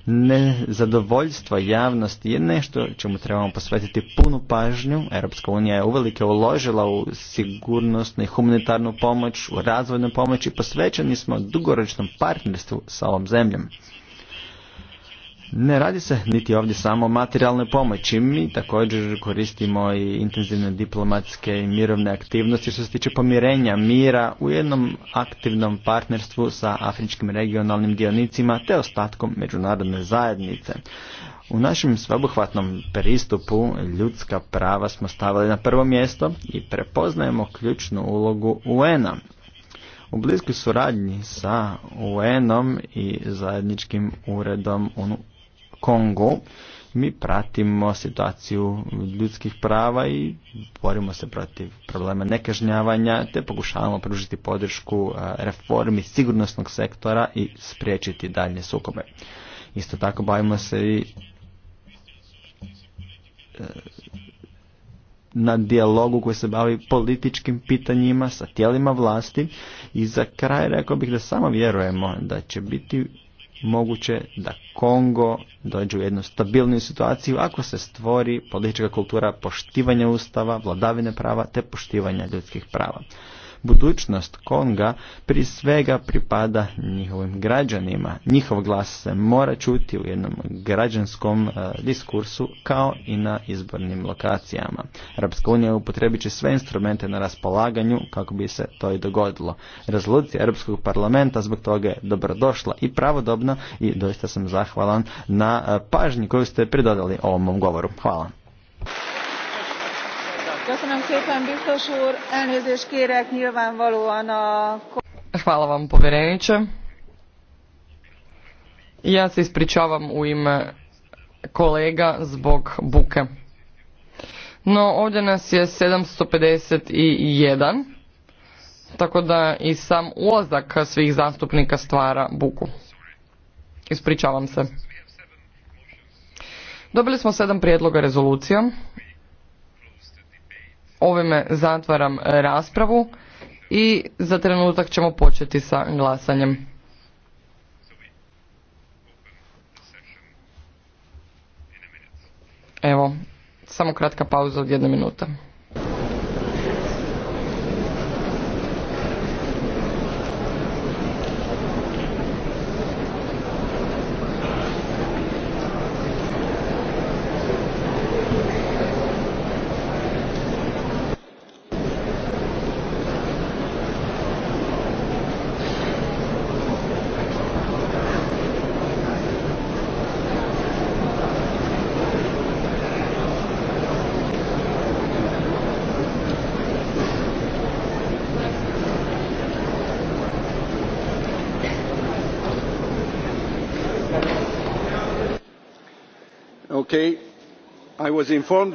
nezadovoljstva javnosti je nešto čemu trebamo posvetiti punu pažnju. Europska unija je uvelike uložila u sigurnost i humanitarnu pomoć, u razvojnu pomoć i posvećeni smo dugoročnom partnerstvu sa ovom zemljom. Ne radi se niti ovdje samo o materijalnoj pomoći. Mi također koristimo i intenzivne diplomatske i mirovne aktivnosti što se tiče pomirenja mira u jednom aktivnom partnerstvu sa afričkim regionalnim dionicima te ostatkom međunarodne zajednice. U našem sveobuhvatnom pristupu ljudska prava smo stavili na prvo mjesto i prepoznajemo ključnu ulogu UN-a u bliskoj suradnji sa UN-om i zajedničkim uredom Kongo, mi pratimo situaciju ljudskih prava i borimo se protiv problema nekažnjavanja te pokušavamo pružiti podršku e, reformi sigurnosnog sektora i spriječiti dalje sukobe. Isto tako bavimo se i e, na dijalogu koji se bavi političkim pitanjima sa tijelima vlasti i za kraj rekao bih da samo vjerujemo da će biti moguće da Kongo dođe u jednu stabilniju situaciju ako se stvori politička kultura poštivanja ustava, vladavine prava te poštivanja ljudskih prava budućnost Konga pri svega pripada njihovim građanima. Njihov glas se mora čuti u jednom građanskom e, diskursu kao i na izbornim lokacijama. Europska unija upotrebit će sve instrumente na raspolaganju kako bi se to i dogodilo. Rezolucija Europskog parlamenta zbog toga je dobrodošla i pravodobna i doista sam zahvalan na e, pažnji koju ste pridodali ovom govoru. Hvala. Hvala vam povjereniče. Ja se ispričavam u ime kolega zbog buke. No ovdje nas je 751, tako da i sam ulazak svih zastupnika stvara buku. Ispričavam se. Dobili smo sedam prijedloga rezolucija. Ovime zatvaram e, raspravu i za trenutak ćemo početi sa glasanjem. Evo, samo kratka pauza od jedne minute. i was